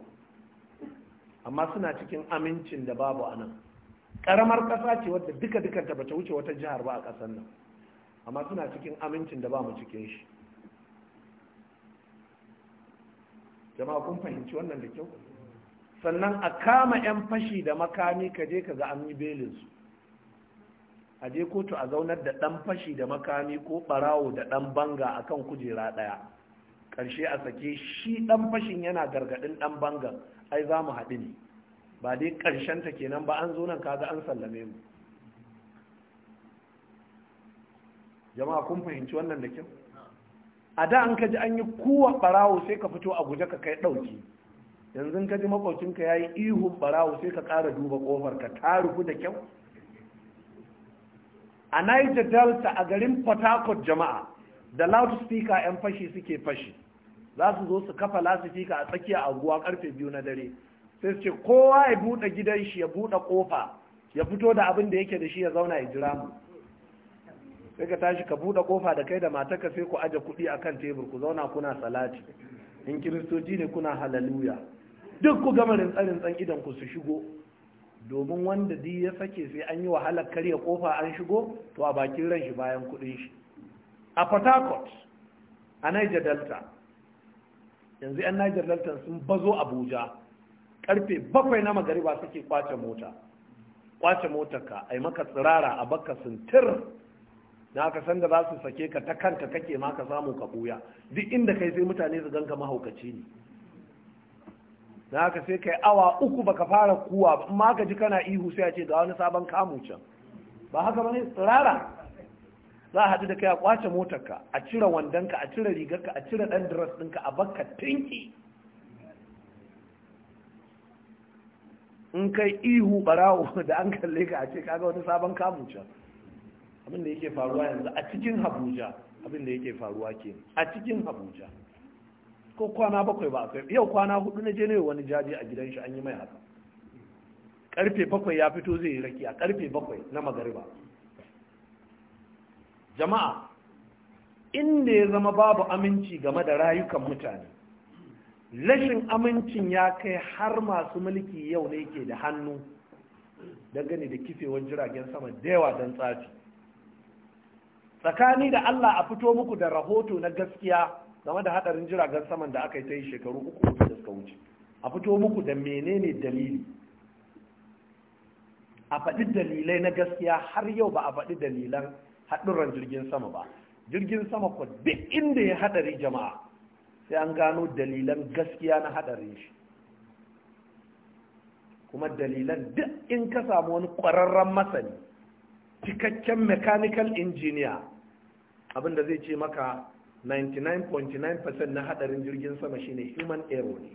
amma suna cikin amincin da babu a nan ƙaramar ƙasa ce wadda duka dukanta bata wuce wata jihar ba a ƙasar nan amma suna cikin amincin da ba cikin shi jama'a kun fahimci wannan da kyau sannan a kama 'yan fashi da makami ka je ka ga an yi belinsu a je kotu a zaunar da ɗan fashi da makami ko ɓarawo da ɗan banga akan kujera ɗaya ƙarshe a sake shi ɗan fashin yana gargaɗin ɗan bangan ai za mu haɗu ne ba dai ta kenan ba an zo nan kaga an sallame mu jama'a kun fahimci wannan da kyau a da an kaji an yi kuwa barawo sai ka fito a guje ka kai ɗauki yanzu kaji makwacinka ya yi ihun ɓarawo sai ka ƙara duba ƙofar ka ta rufu da kyau a niger delta a garin port harcourt jama'a da loudspeaker 'yan fashi suke fashi za su zo su kafa lasifika a tsakiya a anguwa karfe biyu na dare sai su ce kowa ya buɗe gidan shi ya buɗe kofa ya fito da abin da yake da shi ya zauna ya jira mu sai ka tashi ka buɗe kofa da kai da ka sai ku aje kuɗi akan tebur ku zauna kuna salati in kiristoci ne kuna halaluya duk ku gama rintsarin tsan idan ku su shigo domin wanda di ya sake sai an yi wahalar karya kofa an shigo to a bakin ran shi bayan kuɗin shi a port harcourt a niger delta yanzu yan Niger Delta sun bazo Abuja karfe bakwai na magariba suke kwace mota kwace motar ka ai maka tsirara a baka sintir na ka san da za su sake ka ta kanka kake ma ka samu ka buya duk inda kai sai mutane su ganka mahaukaci ne na ka sai kai awa uku baka fara kuwa ma ka ji kana ihu sai a ce ga wani sabon kamu can ba haka bane tsirara za a haɗu da kai a kwace motarka a cire wandonka a cire rigarka a cire ɗan dress ɗinka a bakka tinki in kai ihu barawo da an kalle ka a ce kaga wani sabon kamun can abin da yake faruwa yanzu a cikin Habuja abin da yake faruwa ke a cikin Habuja ko kwana bakwai ba akwai yau kwana hudu na je ne wani jaji a gidan shi an yi mai haka karfe bakwai ya fito zai yi rakiya karfe bakwai na magariba jama'a inda ya zama babu aminci game da rayukan mutane rashin amincin ya kai har masu mulki yau ne ke da hannu dangane da kifewar jiragen sama da don tsafi tsakani da Allah a fito muku da rahoto na gaskiya game da hadarin jiragen saman da aka yi ta yi shekaru uku da suka wuce a fito muku da menene dalili a faɗi dalilai na gaskiya har yau ba a faɗi dalilan haɗurran jirgin sama ba jirgin sama ko duk inda ya haɗari jama'a sai an gano dalilan gaskiya na haɗarin shi kuma dalilan duk in ka samu wani ƙwararren masani cikakken mechanical engineer abinda zai ce maka 99.9% na haɗarin jirgin sama shine human error ne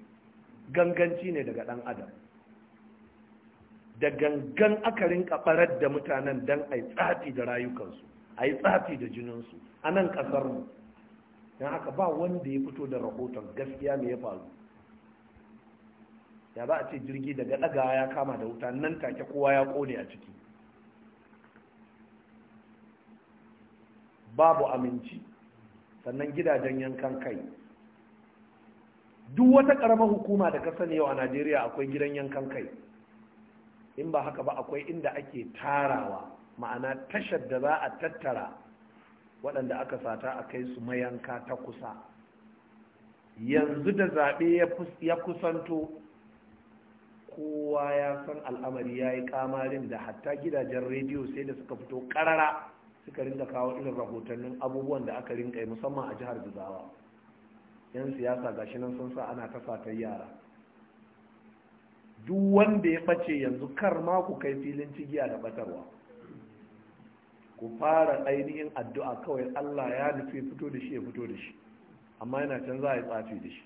ganganci ne daga ɗan adam da gangan aka rinka barar da mutanen don a yi tsafi da rayukansu a yi tsafi da jininsu a nan ƙasarmu don haka ba wanda ya fito da rahoton gaskiya me ya faru ya za a ce jirgi daga ɗaga ya kama da wuta nan take kowa ya ƙone a ciki babu aminci sannan gidajen yankan kai duk wata ƙaramar hukuma da ka sani yau a najeriya akwai gidan yankan kai in ba haka ba akwai inda ake tarawa ma'ana tashar da za a tattara waɗanda aka sata a kai su mayanka ta kusa yanzu da zaɓe ya kusanto kowa ya san al'amari ya yi kamarin da hatta gidajen rediyo sai da suka fito ƙarara suka ringa kawo irin rahotannin abubuwan da aka rinka yi musamman a jihar jigawa yan siyasa gashi nan sun sa ana ta satar yara duk wanda ya ɓace yanzu kar ma ku kai filin cigiya da ɓatarwa ku fara ainihin addu'a kawai Allah ya nufi fito da shi ya fito da shi amma yana can za a yi tsafi da shi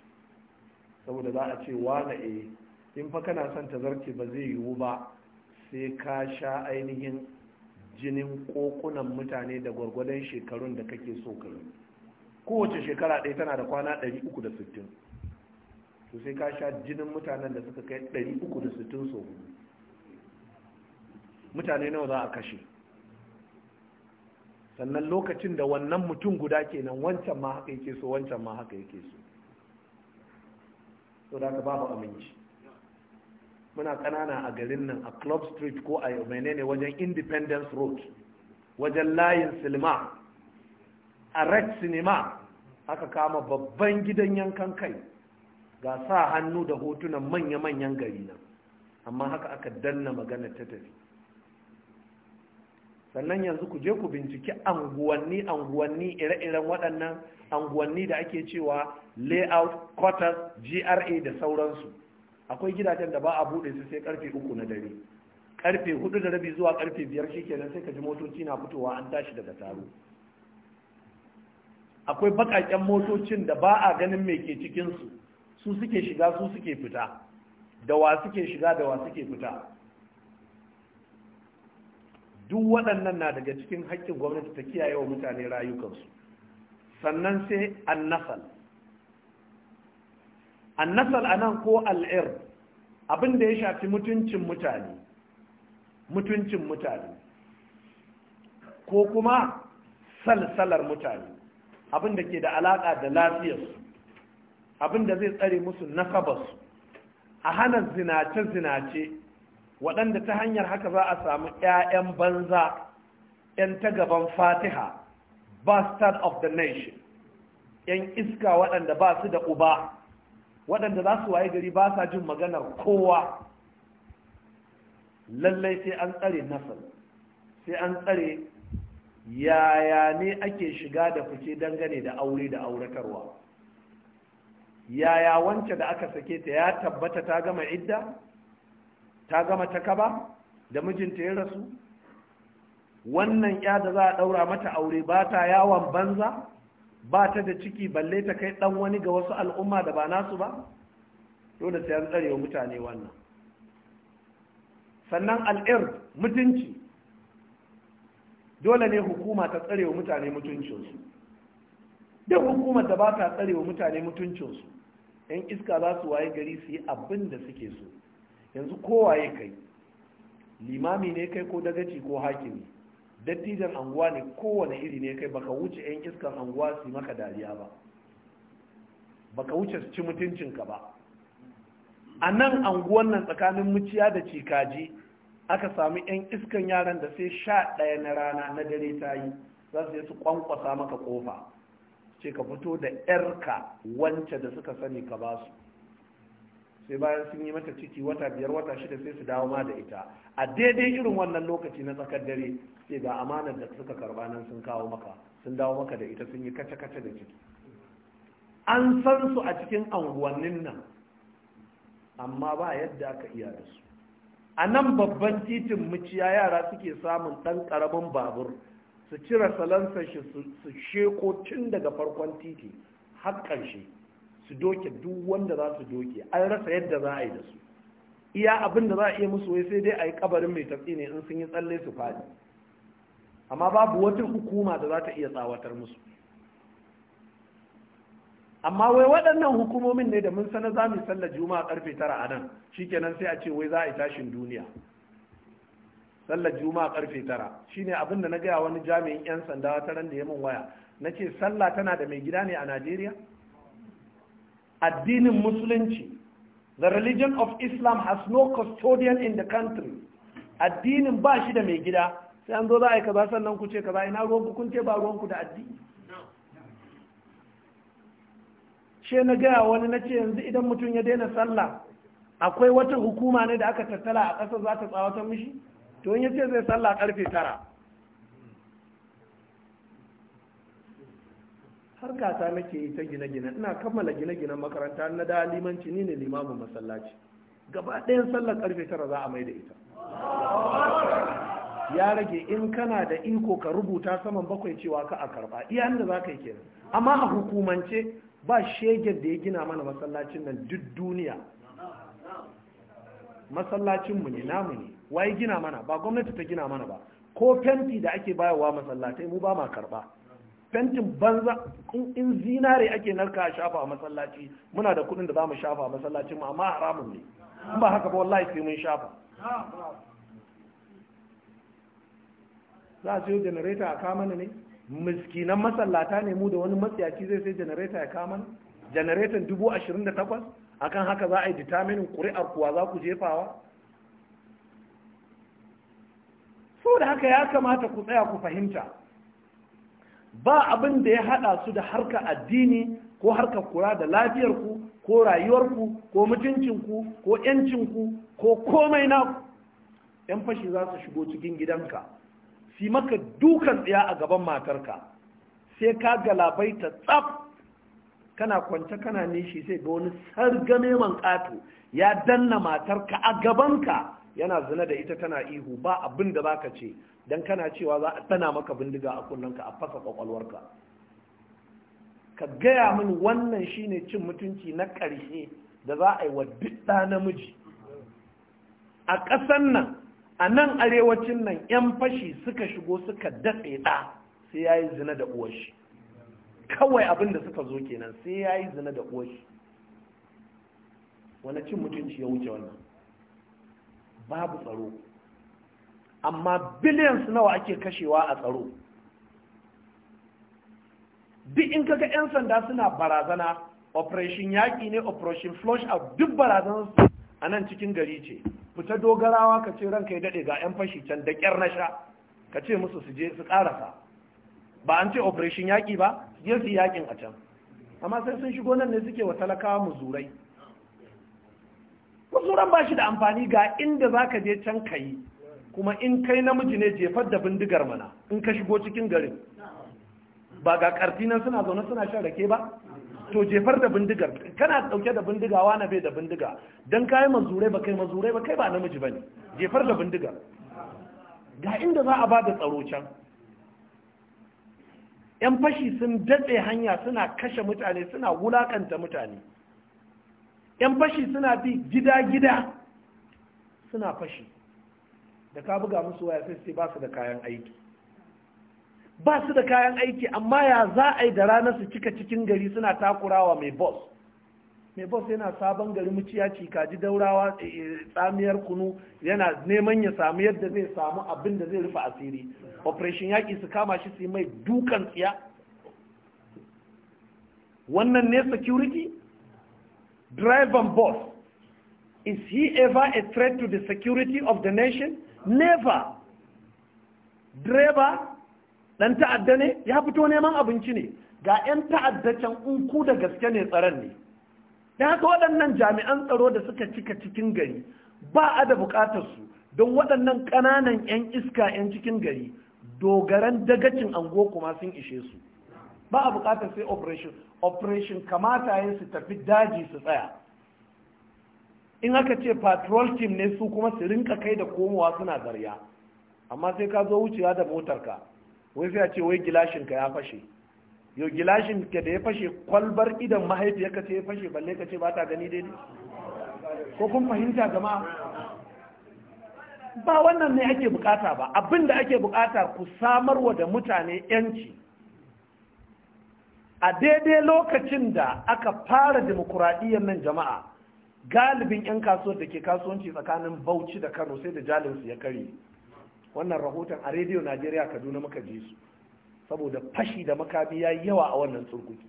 saboda za a ce wa na e eh, in fa kana son ta zarce ba zai yiwu ba sai ka sha ainihin jinin kokunan mutane da gwargwadon shekarun da kake so ka yi kowace shekara ɗaya tana da kwana 360 to sai ka sha jinin mutanen da suka kai 360 so mutane nawa za a kashe sannan lokacin da wannan mutum guda kenan wancan ma haka yake so wancan ma haka yake so so da ka babu aminci muna kanana a garin nan a club street ko a menene wajen independence road wajen layin silma a red cinema aka kama babban gidan yankan kai ga sa hannu da hotunan manya-manyan gari nan amma haka aka danna magana ta tafi sannan yanzu ku je ku binciki anguwanni anguwanni ire-iren waɗannan anguwanni da ake cewa layout quarters gra da sauransu akwai gidajen da ba a buɗe su sai karfe uku na dare karfe hudu da rabi zuwa karfe biyar kenan sai ka ji motoci na fitowa an tashi daga taro akwai bakaken motocin da ba a ganin me ke cikinsu su suke shiga su suke fita da wa suke shiga da wa suke fita duk waɗannan na daga cikin haƙƙin gwamnati ta kiyaye wa mutane rayukansu sannan sai annasal annasal a nan ko al'ir abin da ya shafi mutuncin mutane mutuncin mutane ko kuma salsalar mutane abin da ke da alaƙa da lafiyarsu abin da zai tsare musu nasabarsu a hana zinace-zinace waɗanda ta hanyar haka za a samu 'ya'yan banza 'yan ta gaban fatiha bastard of the nation 'yan iska waɗanda ba su da uba waɗanda za su waye gari ba sa jin maganar kowa lallai sai an tsare nasar sai an tsare yaya ne ake shiga da fice dangane da aure da auratarwa yaya wance da aka sake ta ya tabbata ta gama idda ta gama ta kaba da mijinta ya rasu wannan ya da za a ɗaura mata aure ba ta yawon banza ba ta da ciki balle ta kai ɗan wani ga wasu al'umma da ba nasu ba dole sai an tsare wa mutane wannan sannan al'ir mutunci dole ne hukuma ta tsare wa mutane mutuncinsu duk hukumar da ba ta tsare wa mutane mutuncinsu 'yan iska za su waye gari su yi abin da suke so yanzu kowa ya kai limami ne kai ko dagaci ko hakimi dattijan anguwa ne kowane iri ne kai baka wuce 'yan iskan anguwa su maka dariya ba baka wuce su ci mutuncinka ba a nan anguwan nan tsakanin muciya da cikaji aka sami 'yan iskan yaran da sai sha ɗaya na rana na dare ta yi za su yi su kwankwasa maka kofa ce ka fito da 'yarka wance da suka sani ka ba su sai bayan sun yi mata ciki wata biyar wata shida sai su dawo ma da ita a daidai irin wannan lokaci na tsakar dare sai ga amanar da suka karba nan sun kawo maka sun dawo maka da ita sun yi kace kace da ciki an san su a cikin anguwannin nan amma ba yadda aka iya da su a nan babban titin muciya yara suke samun ɗan ƙaramin babur su cire salansa shi su sheko tun daga farkon titi har ƙarshe su doke duk wanda za su doke an rasa yadda za a yi da su iya abin da za a iya musu wai sai dai a yi kabarin mai tafi ne in sun yi tsalle su fadi amma babu wata hukuma da za ta iya tsawatar musu amma wai waɗannan hukumomin ne da mun sanar za mu sallar juma'a karfe tara a nan shikenan sai a ce wai za a yi tashin duniya sallar juma'a karfe tara shine abin da na gaya wani jami'in 'yan sanda wata ran da ya min waya na ce sallah tana da mai gida ne a najeriya addinin musulunci the religion of islam has no custodian in the country addinin ba shi da mai gida sai an zo za a yi kaza sannan ku ce kaza ina ruwanku kun ce ba ruwanku da addini she na gaya wani na ce yanzu idan mutum ya daina sallah akwai wata hukuma ne da aka tattala a ƙasar za ta tsawatar mishi to in ya ce zai sallah karfe tara har ta nake yi ta gine-gine ina kammala gine-ginen makaranta na da limanci ni ne limamin masallaci gaba ɗayan sallar karfe tara za a mai da ita ya rage in kana da iko ka rubuta saman bakwai cewa ka a karba iya da za ka yi kenan amma a hukumance ba shegen da ya gina mana masallacin nan duk duniya masallacinmu ne namu ne waye gina mana ba gwamnati ta gina mana ba ko fenti da ake bayarwa masallatai mu ba ma karba fentin banza in zinare ake narka a shafa a masallaci muna da kudin da za mu shafa a mu amma haramun ne in ba haka ba wallahi sai mun shafa za a sayo janareta a kamana ne miskinan masallata ne mu da wani matsayaci zai sai janareta ya kamana janareta dubu ashirin da takwas akan haka za a yi determinin kuri'ar kuwa za ku jefawa so da haka ya kamata ku tsaya ku fahimta ba abin da ya hada su da harka addini ko harka kura da lafiyarku ko rayuwarku ko mutuncin ku ko yancinku ko komai na yan fashi za su shigo cikin gidanka si maka dukan tsaya a gaban matarka sai ka galabai ta tsaf kana kwance kana nishi sai ga wani sargame man ƙato ya danna matarka a gabanka yana zina da ita tana ihu ba abin da zaka ce don kana cewa za a tana maka bindiga a kunanka a fasa kwakwalwarka ka gaya min wannan shine cin mutunci na ƙarshe da za a yi wa duk namiji a ƙasan nan a nan arewacin nan 'yan fashi suka shigo suka datse ɗa sai ya yi zina da uwashi kawai abin da suka zo kenan sai ya yi zina da uwashi wani cin mutunci ya wuce wannan babu tsaro amma billions nawa ake kashewa a tsaro duk in kaga 'yan sanda suna barazana operation yaƙi ne operation flush out duk su a nan cikin gari ce fita dogarawa ka ce ranka ya daɗe ga 'yan fashi can da ƙyar na sha ka ce musu su je su ƙarasa ba an ce operation yaƙi ba su je su yaƙin a can amma sai sun shigo nan ne suke wa talakawa mu zurai. kusuran ba shi da amfani ga inda za ka je can ka yi kuma in kai namiji ne jefar da bindigar mana in ka shigo cikin garin ba ga ƙarfi nan suna zaune suna shan rake ba to jefar da bindigar kana ɗauke da bindiga wa na bai da bindiga don kayi mazurai ba kai mazurai ba kai ba namiji ba ne jefar da bindigar ga inda za a ba da tsaro can yan fashi sun datse hanya suna kashe mutane suna wulakanta mutane 'yan fashi suna bi gida-gida suna fashi da ka buga musu waya sai sai ba su da kayan aiki ba su da kayan aiki amma ya za a yi da ranar su cika cikin gari suna takurawa mai bos mai bos yana sabon gari muciya kaji daurawa e, e, tsamiyar kunu yana neman ya samu yadda zai samu abin da zai rufe asiri operation yaƙi su kama shi su yi mai dukan tsiya wannan ne security Driven bus, is he ever a threat to the security of the nation? Never. Driver, dan ta'adda ne, ya fito neman abinci ne, ga 'yan ta'adda can unku da gaske ne tsaron ne. Da haka waɗannan jami'an tsaro da suka cika cikin gari ba a da buƙatarsu don waɗannan ƙananan 'yan iska 'yan cikin gari dogaran dagacin ango kuma sun ishe su. Ba a buƙatar sai operation. operation kamata ya su tafi daji su tsaya in aka ce patrol team ne su kuma su rinka kai da komowa suna zarya amma sai ka zo wucewa da motarka wai sai a ce wai gilashinka ya fashe yau gilashin ka da ya fashe kwalbar idan mahaifiyarka ce ya fashe balle ka ce ba ta gani daidai ko kun fahimta gama? ba wannan ne ake bukata ba abin da ake bukata ku samarwa da mutane yanci a daidai lokacin da aka fara demokuraɗiyyar nan jama'a galibin 'yan kasuwar da ke kasuwanci tsakanin bauchi da kano sai da jalinsu ya kare wannan rahoton a rediyo najeriya kaduna muka ji su saboda fashi da makami ya yi yawa a wannan tsurkuki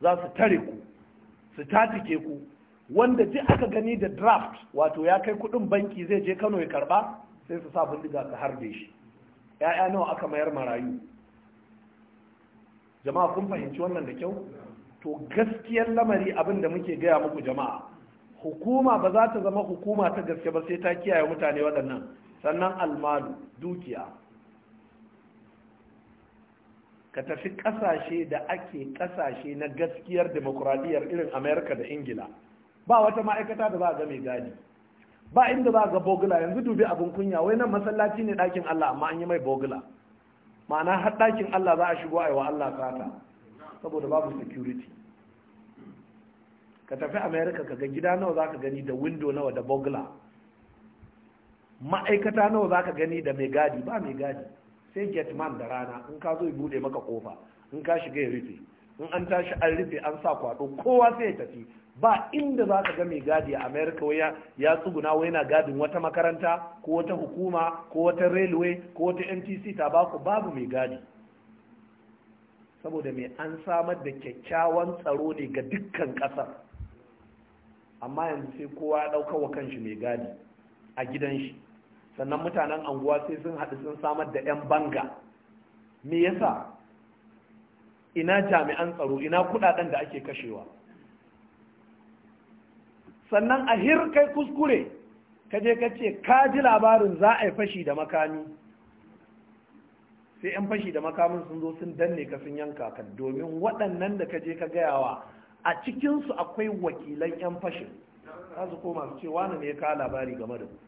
za su tare ku su tatike ku wanda ji aka gani da draft wato ya kai kudin banki zai je kano ya karba sai su sa bindiga su harbe shi 'ya'ya nawa aka mayar marayu jama'a kun fahimci wannan da kyau to gaskiyar lamari abin da muke gaya muku jama'a hukuma ba za ta zama hukuma ta gaske ba sai ta kiyaye mutane waɗannan sannan almalu dukiya ka tafi ƙasashe da ake ƙasashe na gaskiyar demokuraɗiyyar irin amerika da ingila ba wata ma'aikata da za a ga mai gadi ba inda za a ga bogula yanzu dubi abin kunya wai nan masallaci ne ɗakin allah amma an yi mai bogula ma'ana haɗakin Allah za a shigo a yi wa Allah sata saboda babu security ka tafi america ka ga gida nawa za ka gani da window nawa da bogla ma'aikata nawa za ka gani da mai gadi ba mai gadi sai get man da rana in ka zo ya bude maka kofa in ka shiga ya rufe in an tashi an rufe an sa kwado kowa sai ya tafi ba inda za ka ga mai gadi a Amerika, waya ya tsuguna wai yana gadin wata makaranta ko wata hukuma ko wata railway ko wata mtc ku babu mai gadi saboda mai an samar da kyakkyawan tsaro ne ga dukkan kasar amma yanzu sai kowa ya ɗauka wa kanshi mai gadi a gidan shi sannan mutanen anguwa sai sun haɗu sun samar da 'yan banga me yasa ina jami'an tsaro ina kuɗaɗen da ake kashewa sannan a hir kuskure ka je ka ce ka ji labarin za a yi fashi da makami sai 'yan fashi da makamin sun zo sun danne ka sun yanka ka domin waɗannan da ka je ka gayawa a cikinsu akwai wakilan 'yan fashin za su koma su ce wani ne ya kawo labari game da mu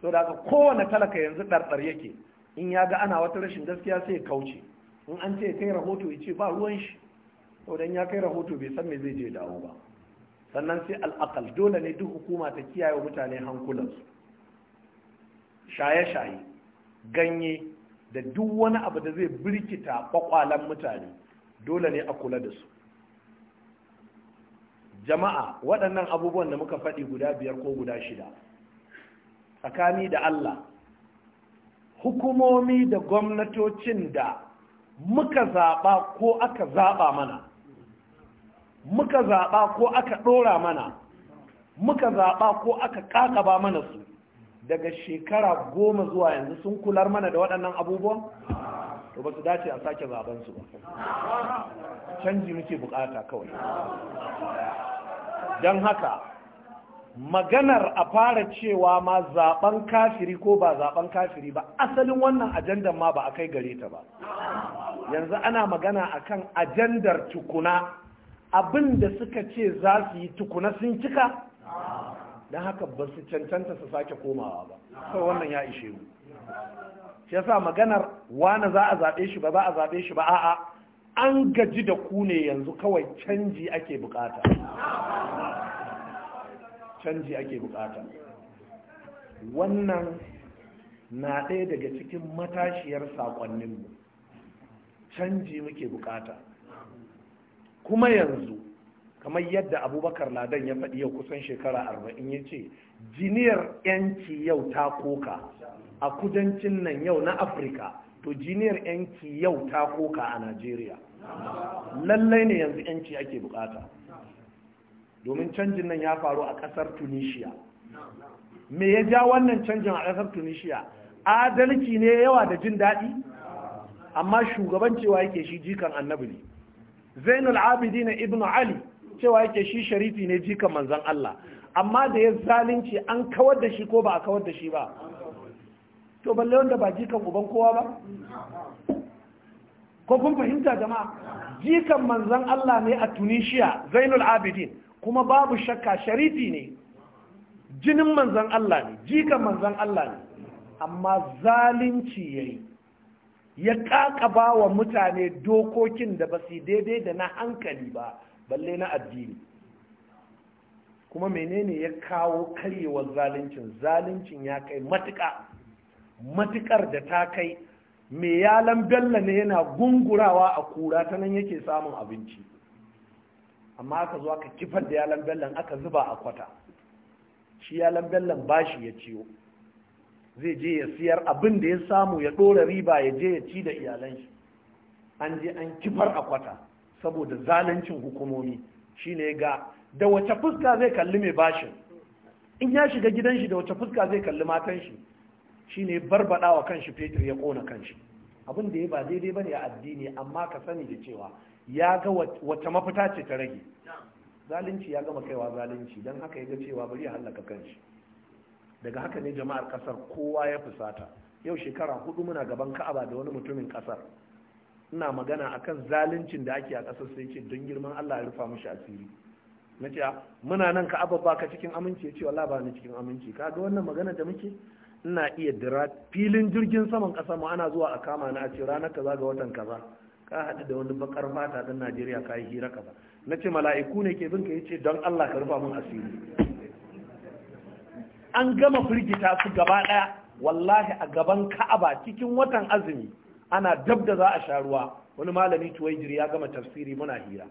so da kowane talaka yanzu ɗarɗar yake in ya ga ana wata rashin gaskiya sai kauce in an ce kai rahoto ya ce ba ruwan shi dan ya kai rahoto bai san me zai je dawo ba sannan sai al'akal dole ne duk hukuma ta kiyaye mutane hankulansu shaye-shaye ganye da duk wani abu da zai birkita kwakwalan mutane dole ne a kula da su jama'a waɗannan abubuwan da muka faɗi guda biyar ko guda shida tsakani da Allah hukumomi da gwamnatocin da muka zaɓa ko aka zaɓa mana muka zaɓa ko aka ɗora mana muka zaɓa ko aka ƙaƙaba mana su daga shekara goma zuwa yanzu sun kular mana da waɗannan abubuwan to ba su dace a sake zaben su ba canji muke buƙata kawai don haka maganar a fara cewa ma zaɓen kafiri ko ba zaɓen kafiri ba asalin wannan ajandar ma ba a kai gare ta ba yanzu ana magana akan ajandar tukuna abin da suka ce za su yi tukuna sun cika don haka ba su cancanta su sake komawa ba sau wannan ya ishe mu shi yasa maganar wane za a zaɓe shi ba za a zaɓe shi ba a'a an gaji da ku ne yanzu kawai canji ake bukata canji ake bukata wannan na ɗaya daga cikin matashiyar saƙonninmu canji muke bukata kuma yanzu kamar yadda abubakar ladan ya faɗi yau kusan shekara arba'in ya ce jiniyar yanci yau ta koka a kudancin nan yau na afirka to jiniyar yanci yau ta koka a najeriya lallai ne yanzu yanci ake bukata domin canjin nan ya faru a ƙasar tunisia me ya ja wannan canjin a ƙasar tunisia adalci ne yawa da jin daɗi amma shugaban cewa yake shi jikan annabi ne zainul abidin ibn ali cewa yake shi sharifi ne jikan manzon Allah amma da ya zalunci an kawar da shi ko ba a kawar da shi ba to balle wanda ba jikan uban kowa ba ko kun fahimta jama'a jikan manzon Allah ne a Tunisia Zainul Abidin kuma babu shakka sharifi ne jinin manzon Allah ne jikan manzon Allah ne amma zalunci yayi ya ba wa mutane dokokin da ba su daidai da na hankali ba balle na addini kuma menene ya kawo karyewar zaluncin zaluncin ya kai matuƙa matuƙar da ta kai mai yalan bella ne yana gungurawa a kura ta nan yake samun abinci amma aka zuwa ka kifar da yalan bellan aka zuba a kwata shi yalan bellan bashi ya ciwo zai je ya siyar abin da ya samu ya ɗora riba ya je ya ci da iyalan shi an je an kifar a kwata saboda zalancin hukumomi shi ne ga da wace fuska zai kalli mai bashin in ya shiga gidan shi da wace fuska zai kalli matan shi ne barbada wa kanshi fetur ya kona kanshi abin da ya ba daidai ba ne a addini amma ka sani da cewa ya ga wata mafita ce ta rage zalunci ya gama kaiwa zalunci don haka ya ga cewa bari ya hallaka kanshi daga haka ne jama'ar kasar kowa ya fusata yau shekara hudu muna gaban ka'aba da wani mutumin kasar ina magana akan zaluncin da ake a kasar sai ce don girman Allah ya rufa mishi asiri na ce muna nan ka'aba ba ka cikin aminci ya ce wala ba ni cikin aminci ka ga wannan magana da muke ina iya dira filin jirgin saman kasar mu ana zuwa a kama na a ce ranar kaza ga watan kaza ka haɗu da wani bakar fata ɗan najeriya ka yi hira kaza na ce mala'iku ne ke bin ka ya ce don allah ka rufa mun asiri an gama firgita su gaba ɗaya wallahi a gaban ka'aba cikin watan azumi ana dab da za a sha ruwa wani malami tuwaijiri ya gama tafsiri muna hira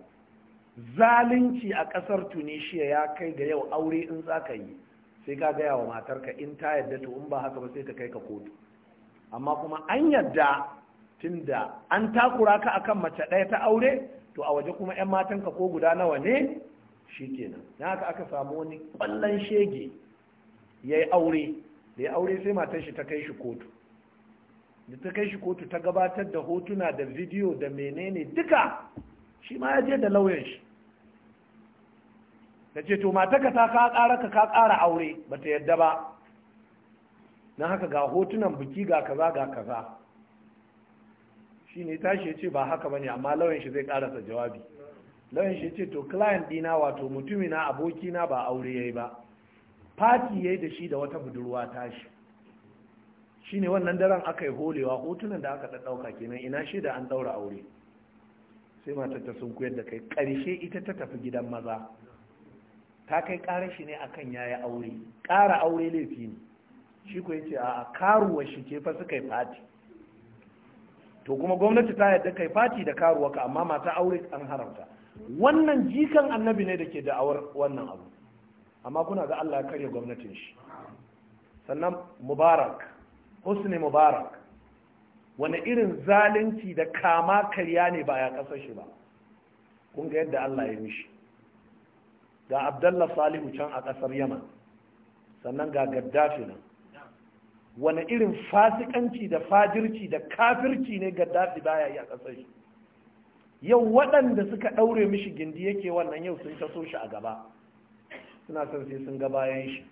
zalunci a ƙasar tunisia ya kai da yau aure in za ka yi sai ka gaya wa matarka in ta yadda to in ba haka ba sai ta kai ka kotu amma kuma an yadda tunda an takura ka a kan mace ɗaya ta aure to a waje kuma 'yan matanka ko guda nawa ne Shi kenan. na haka aka samu wani ƙwallon shege ya yi aure da ya aure sai matar shi ta kai shi kotu da ta kai shi kotu ta gabatar da hotuna da bidiyo da menene duka shi ma ya je da lauyan shi da ce to mataka ta ka ƙara ka kara ƙara aure ba ta yadda ba na haka ga hotunan biki ga kaza ga kaza shi ne tashi ya ce ba haka ba ne amma lauyan shi zai ƙarasa jawabi lauyan shi ce to client dina wato mutumina abokina ba aure ya yi ba fati yayi da shi da wata budurwa tashi shine wannan daren aka yi holewa hotunan da aka ɗauka kenan ina shi da an ɗaura aure sai matar ta sun koyar da kai ƙarshe ita ta tafi gidan maza ta kai ƙara shi ne akan yayi aure ƙara aure laifi ne shi ko yace a karuwa shi ke fa suka yi fati to kuma gwamnati ta yarda kai fati da karuwa ka amma mata aure an haramta wannan jikan annabi ne da ke da'awar wannan abu amma kuna ga Allah ya karya gwamnatin shi sannan mubarak husni mubarak wani irin zalunci da kama karya ne ba ya kasar shi ba kun ga yadda Allah ya mishi ga abdallah salihu can a kasar yaman sannan ga gaddafi nan wani irin fasikanci da fajirci da kafirci ne gaddafi baya yi a kasar shi yau waɗanda suka ɗaure mishi gindi yake wannan yau sun taso shi a gaba suna son sai sun ga bayan shi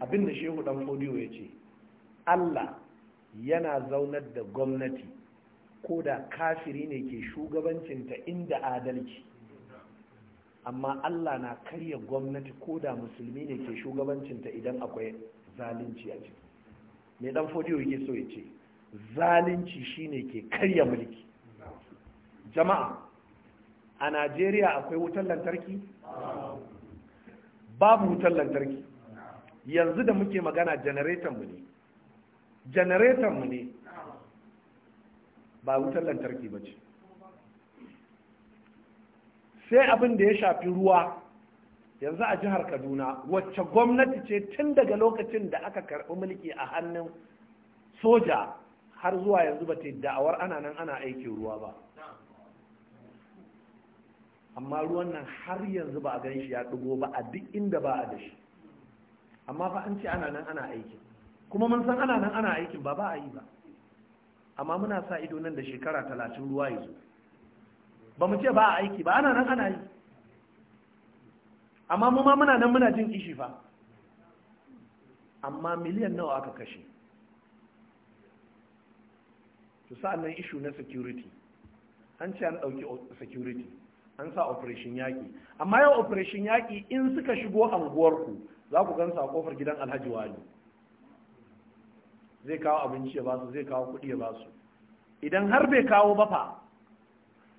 abin da shehu dan fodiyo ya ce allah yana zaunar da gwamnati ko da kafiri ne ke shugabancinta inda adalci amma allah na karya gwamnati ko da musulmi ne ke shugabancinta idan akwai zalunci a ciki mai dan fodiyo yake so ya ce zalunci shine ke karya mulki jama'a a najeriya akwai wutar lantarki babu wutar lantarki yanzu da muke magana janareton mu ne janareton mu ne ba wutar lantarki ba ce sai abin da ya shafi ruwa yanzu a jihar kaduna wacce gwamnati ce tun daga lokacin da aka karɓi mulki a hannun soja har zuwa yanzu ba ta da'awar ana nan ana aikin ruwa ba amma ruwan nan har yanzu ba a gan shi ya dugo ba a duk inda ba a da shi amma fa an ce ana nan ana aiki. kuma mun san ana nan ana aikin ba ba a yi ba amma muna sa ido nan da shekara talatin ruwa ya zo ba mu ce ba a aiki ba ana nan ana yi amma mu ma muna nan muna jin kishi fa amma miliyan nawa aka kashe to sa'an nan ishu na security an ce an ɗauki security an sa operation yaƙi amma yau operation yaƙi in suka shigo anguwarku za ku gansa a kofar gidan alhaji wani zai kawo abinci ya basu zai kawo kuɗi ya basu idan har bai kawo ba fa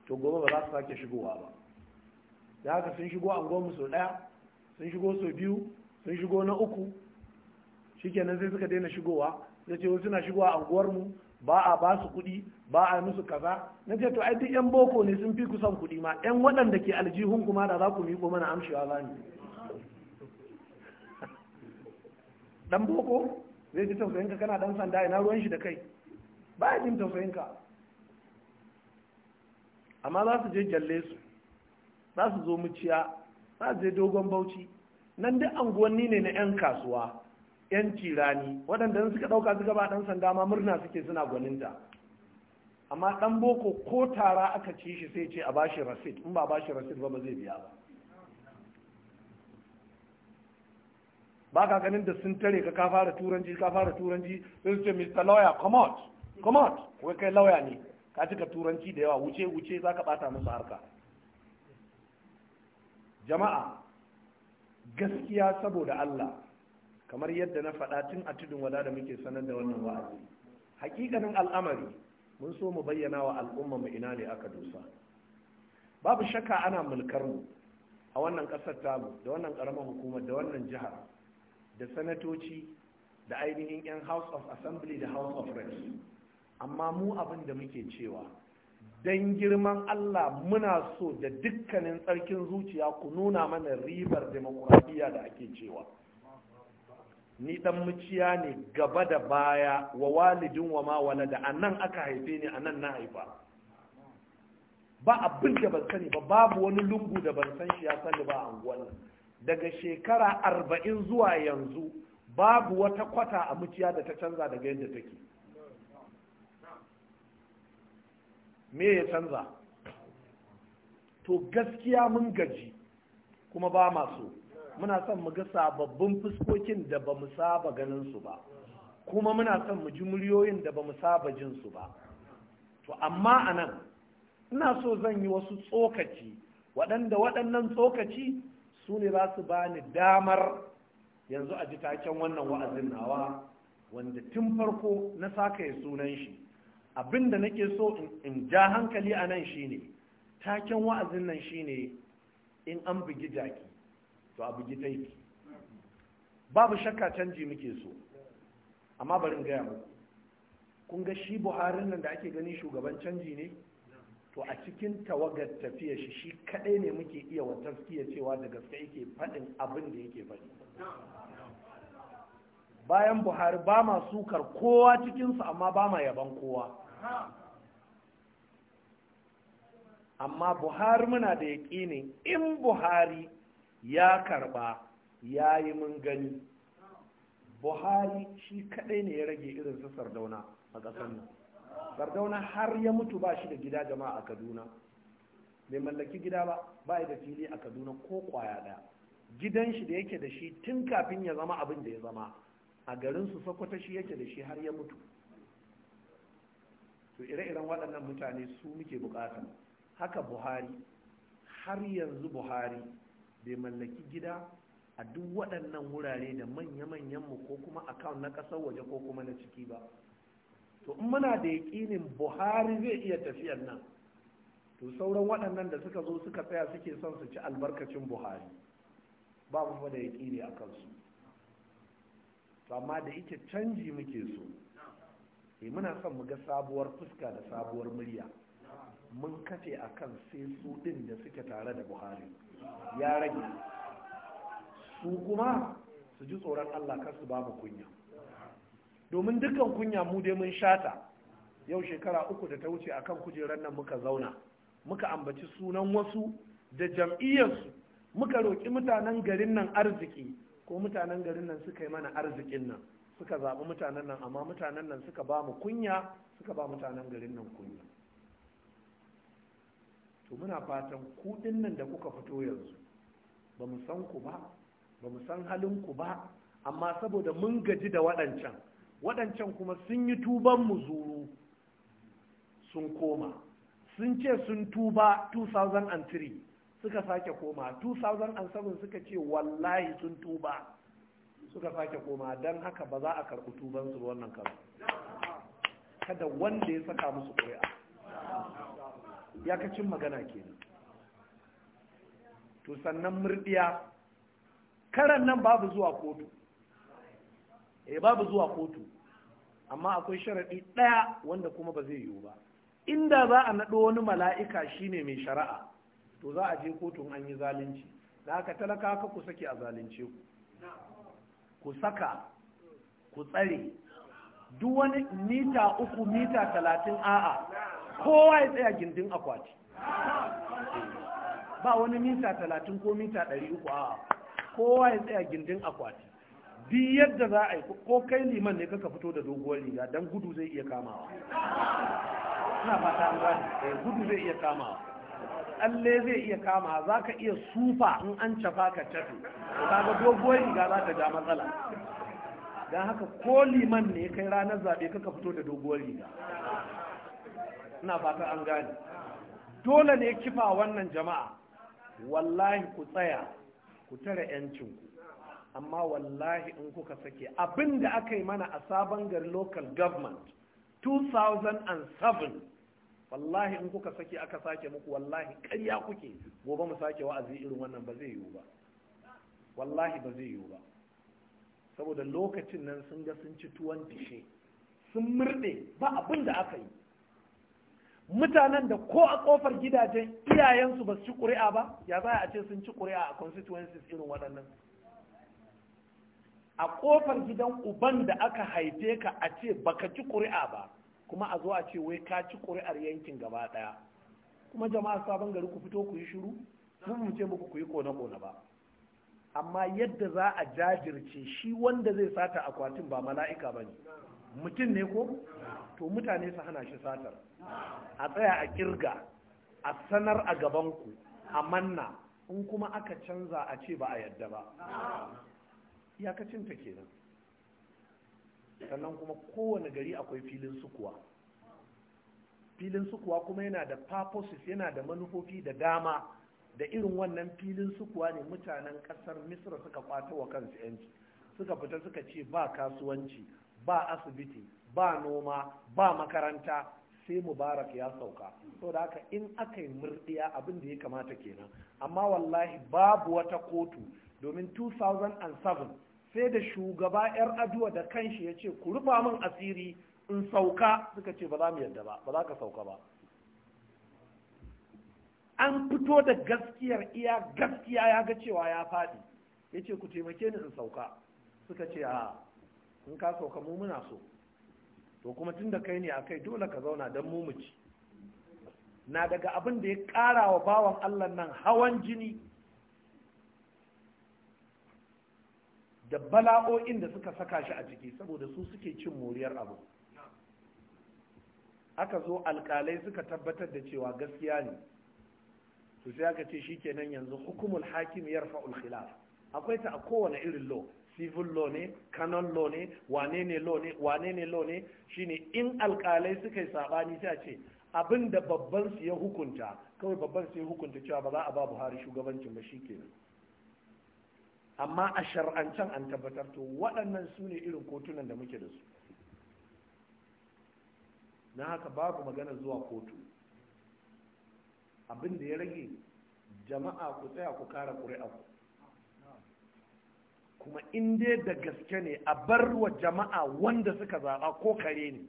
to gobe ba za su sake shigowa ba da haka sun shigo anguwarmu sau ɗaya sun shigo sau biyu sun shigo na uku shikenan sai suka daina shigowa zai ce suna shigowa mu. ba a ba su kuɗi ba a musu kaza na ce to ai duk yan boko ne sun fi kusan kuɗi ma yan waɗanda ke aljihun kuma da za ku miƙo mana amshewa za ne. dan boko zai ji tausayinka kana dan sanda ina ruwan shi da kai ba ya jin tausayinka amma za su je jalle su za su zo muciya za su je dogon bauchi nan duk anguwanni ne na 'yan kasuwa 'yan tirani waɗanda suka ɗauka suka ba ɗan sanda ma murna suke suna gwaninta amma ɗan boko ko tara aka ci shi sai ce a bashi rasit in ba bashi rasit ba ba zai biya ba ba ka ganin da sun tare ka fara turanci ka fara turanci sun ce mr lawyer come out come wai kai lawyer ne ka cika turanci da yawa wuce wuce za ka bata musu harka jama'a gaskiya saboda allah kamar yadda na faɗa tun a tudun wada da muke sanar da wannan wa'azi hakikanin al'amari mun so mu bayyana wa al'umma mu ina ne aka dosa babu shakka ana mulkar mu a wannan ƙasar tamu da wannan ƙaramar hukumar da wannan jihar da sanatoci da ainihin 'yan house of assembly da house of reps amma mu abin da muke cewa dan girman allah muna so da dukkanin tsarkin zuciya ku nuna mana ribar demokuraɗiyya da ake cewa ni dan muciya ne gaba da baya wa walidin wa ma walada anan aka haife ni anan na haifa ba abin da ban sani ba babu wani lungu da ban san shi ya sani ba a daga shekara arba'in zuwa yanzu babu wata kwata a muciya da ta canza daga yadda take me ya canza to gaskiya mun gaji kuma ba masu muna son mu ga sababbin fuskokin da ba mu saba ganin su ba kuma muna son mu ji muryoyin da ba mu saba jin su ba to amma anan ina so zan yi wasu tsokaci waɗanda waɗannan tsokaci su ne za su bani damar yanzu a ji taken wannan wa'azin nawa wanda tun farko na saka ya sunan shi abinda nake so in ja hankali anan shine taken wa'azin nan shine in an bugi jaki to abu gida yake babu shakka canji muke so amma bari gaya muku kun ga shi buharin nan da ake gani shugaban canji ne to a cikin tawagar tafiya shi shi kadai ne muke iya wa taskiya cewa da gaske yake faɗin abin da yake faɗi bayan buhari ba ma sukar kowa cikinsu amma ba ma yaban kowa amma buhari muna da yaƙi ne in buhari ya karba ya yi mun gani buhari shi kadai ne ya rage irin su sardauna a ƙasar nan sardauna har ya mutu ba shi da gida jama'a a kaduna Mai mallaki gida ba ba da fili a kaduna ko kwaya daya gidan shi da yake da shi tun kafin ya zama abin da ya zama a garin su sokoto shi yake da shi har ya mutu to ire-iren waɗannan mutane su muke bukata haka buhari har yanzu buhari bai mallaki gida a duk waɗannan wurare da manya-manyan mu ko kuma a na ƙasar waje ko kuma na ciki ba to in muna da yaƙinin buhari zai iya tafiyar nan to sauran waɗannan da suka zo suka tsaya suke son su ci albarkacin buhari ba mu da yaƙini a kansu to amma da ike canji muke so eh, muna son mu ga sabuwar fuska da sabuwar murya mun a kan sai su ɗin da suke tare da buhari ya rage su kuma su ji tsoron allah kar su ba mu kunya domin dukkan kunya mu dai mun shata yau shekara uku da ta wuce a kan kujerar nan muka zauna muka ambaci sunan wasu da jam'iyyarsu muka roƙi mutanen garin nan arziki ko mutanen garin nan suka yi mana arzikin nan suka zaɓi mutanen nan amma mutanen nan suka ba mu kunya suka ba mutanen garin nan kunya to muna fatan kuɗin nan da kuka fito yanzu ba mu san ku ba ba mu san halin ku ba amma saboda mun gaji da waɗancan waɗancan kuma sun yi tuban mu zuru sun koma sun ce sun tuba 2003 suka sake koma 2007 suka ce wallahi sun tuba suka sake koma don haka ba za a karɓi tubansu wannan karo kada wanda ya saka musu ƙuri'a kacin magana kenan to sannan murdiya karan nan babu zuwa kotu eh babu zuwa kotu amma akwai sharaɗi ɗaya wanda kuma ba zai yiwu ba inda za a naɗo wani mala'ika shine mai shari'a to za a je kotun an yi zalunci da haka talaka ka ku sake a zalunce ku ku saka ku tsare duk wani mita uku mita talatin a'a kowa ya tsaya gindin akwati ba wani mita talatin ko mita ɗari uku a kowa ya tsaya gindin akwati bi yadda za a yi ko kai liman ne kaka fito da doguwar riga don gudu zai iya kamawa ina fata an gani eh, gudu zai iya kamawa tsalle zai iya kama za ka iya sufa in an cafa ka cafe kaga doguwar riga za ta ja matsala don haka ko liman ne kai ranar zaɓe kaka fito da doguwar riga ina fata an gane dole ne kifa wannan jama'a wallahi ku tsaya ku tare yancinku amma wallahi in kuka sake abin da aka yi mana a sabon gari local government 2007 wallahi in kuka sake aka sake muku wallahi karya kuke gobe mu sake wa'azi irin wannan ba zai yiwu ba wallahi ba zai yiwu ba saboda lokacin nan sun ga sun ci tuwon tishe sun murɗe ba abin da aka yi mutanen da ko a kofar gidajen iyayensu ba su ci ƙuri'a ba ya za a ce sun ci ƙuri'a a constituencies irin waɗannan a kofar gidan uban da aka haife ka a ce baka ci ƙuri'a ba kuma a zo a ce wai ka ci ƙuri'ar yankin gaba ɗaya kuma jama'a sabon gari ku fito ku yi shiru mun ce muku ku yi kone-kone ba amma yadda za a jajirce shi wanda zai sata akwatin ba mala'ika ba ne mutum ne ko to mutane su hana shi satar a tsaya a kirga a sanar a gabanku a manna in kuma aka canza a ce ba a yadda ba iyakacinta kenan sannan kuma kowane gari akwai filin sukuwa filin sukuwa kuma yana da purposes yana da manufofi da dama da irin wannan filin sukuwa ne mutanen kasar misra suka kwato wa kansu yanci suka fita suka ce ba kasuwanci ba asibiti ba noma ba makaranta sai mubarak ya sauka to haka in aka yi murdiya abin da ya kamata kenan amma wallahi babu wata kotu domin 2007 sai da shugaba yar aduwa da kanshi ya ce ku rufa min asiri in sauka suka ce ba za mu yadda ba ba za ka sauka ba an fito da gaskiyar iya gaskiya ya ga cewa ya faɗi ya ce ku taimake ni in sauka suka ce a in ka sauka mu muna so to kuma tun da kai ne a kai dole ka zauna don mumuci na daga abin da ya ƙara wa bawan allah nan hawan jini da bala'o'in da suka saka shi a ciki saboda su suke cin moriyar abu aka zo alkalai suka tabbatar da cewa gaskiya ne to sai aka ce shi kenan yanzu hukumul hakim yarfa'ul khilaf akwai ta a kowane irin law civil law ne canon law ne wane ne law ne wane law ne shine in alkalai suka yi sabani sai ce abin da babban su ya hukunta kawai babban su ya hukunta cewa ba za a ba Buhari shugabancin ba shikenan amma a shar'ancan an tabbatar to waɗannan su ne irin kotunan da muke da su na haka babu magana zuwa kotu abin da ya rage jama'a ku tsaya ku kara ƙuri'a ku kuma in dai da gaske ne a bar wa jama'a wanda suka zaɓa ko kare ne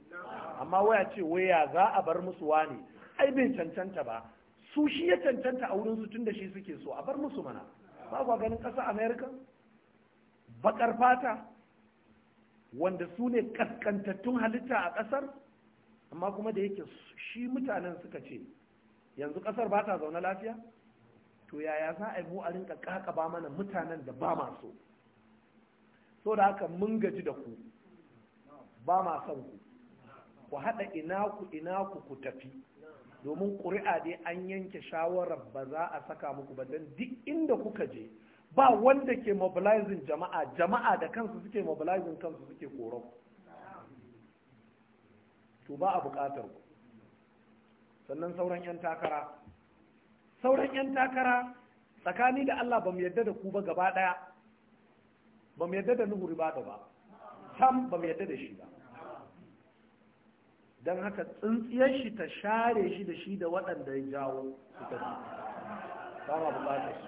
amma waya ce waya za a bar musu wani ai bai cancanta ba su shi ya cancanta a wurin su tun da shi suke so a bar musu mana ba ku ganin ƙasa america bakar fata wanda su ne kaskantattun halitta a ƙasar amma kuma da yake shi mutanen suka ce yanzu ƙasar ba ta zaune lafiya to yaya za a yi mu a rinka ba mana mutanen da ba masu so so da haka mun gaji da ku ba ma son ku ku haɗa ina ku ina ku ku tafi domin ƙuri'a dai an yanke shawarar ba za a saka muku ba don duk inda kuka je ba wanda ke mobilizing jama'a jama'a da kansu suke mobilizing kansu suke koron to ba a buƙatar ku sannan sauran 'yan takara sauran 'yan takara tsakani da Allah ba mu yadda da ku ba gaba ɗaya ba mu yadda da nuhu riba ba sam ba mu yadda da shi ba don haka tsintsiyar shi ta share shi da shi da waɗanda ya jawo su ta ba ma bukatar su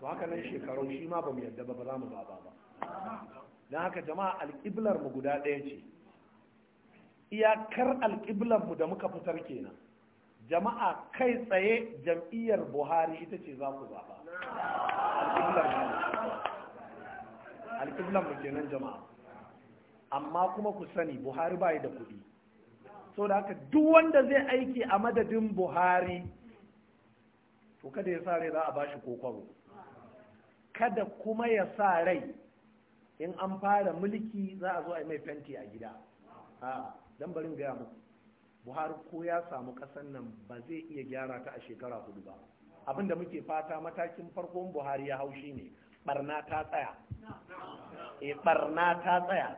to haka nan shekaru shi ma ba mu yadda ba ba za mu ba ba don haka jama'a alƙiblar mu guda ɗaya ce iyakar alƙiblar mu da muka fitar kenan jama'a kai tsaye jam'iyyar buhari ita ce za ku zaɓa alƙiblan muke kenan jama'a amma kuma ku sani buhari bai da kuɗi so da haka duk wanda zai aiki a madadin buhari to kada ya sa rai za a bashi kokwaro kada kuma ya sa rai in an fara mulki za a zo a yi mai fenti a gida a barin gaya muku buhari ko ya samu kasan nan ba zai iya gyara ta a shekara hudu ba abin da muke fata matakin farkon buhari ya haushi ne barna ta tsaya e eh, barna ta tsaya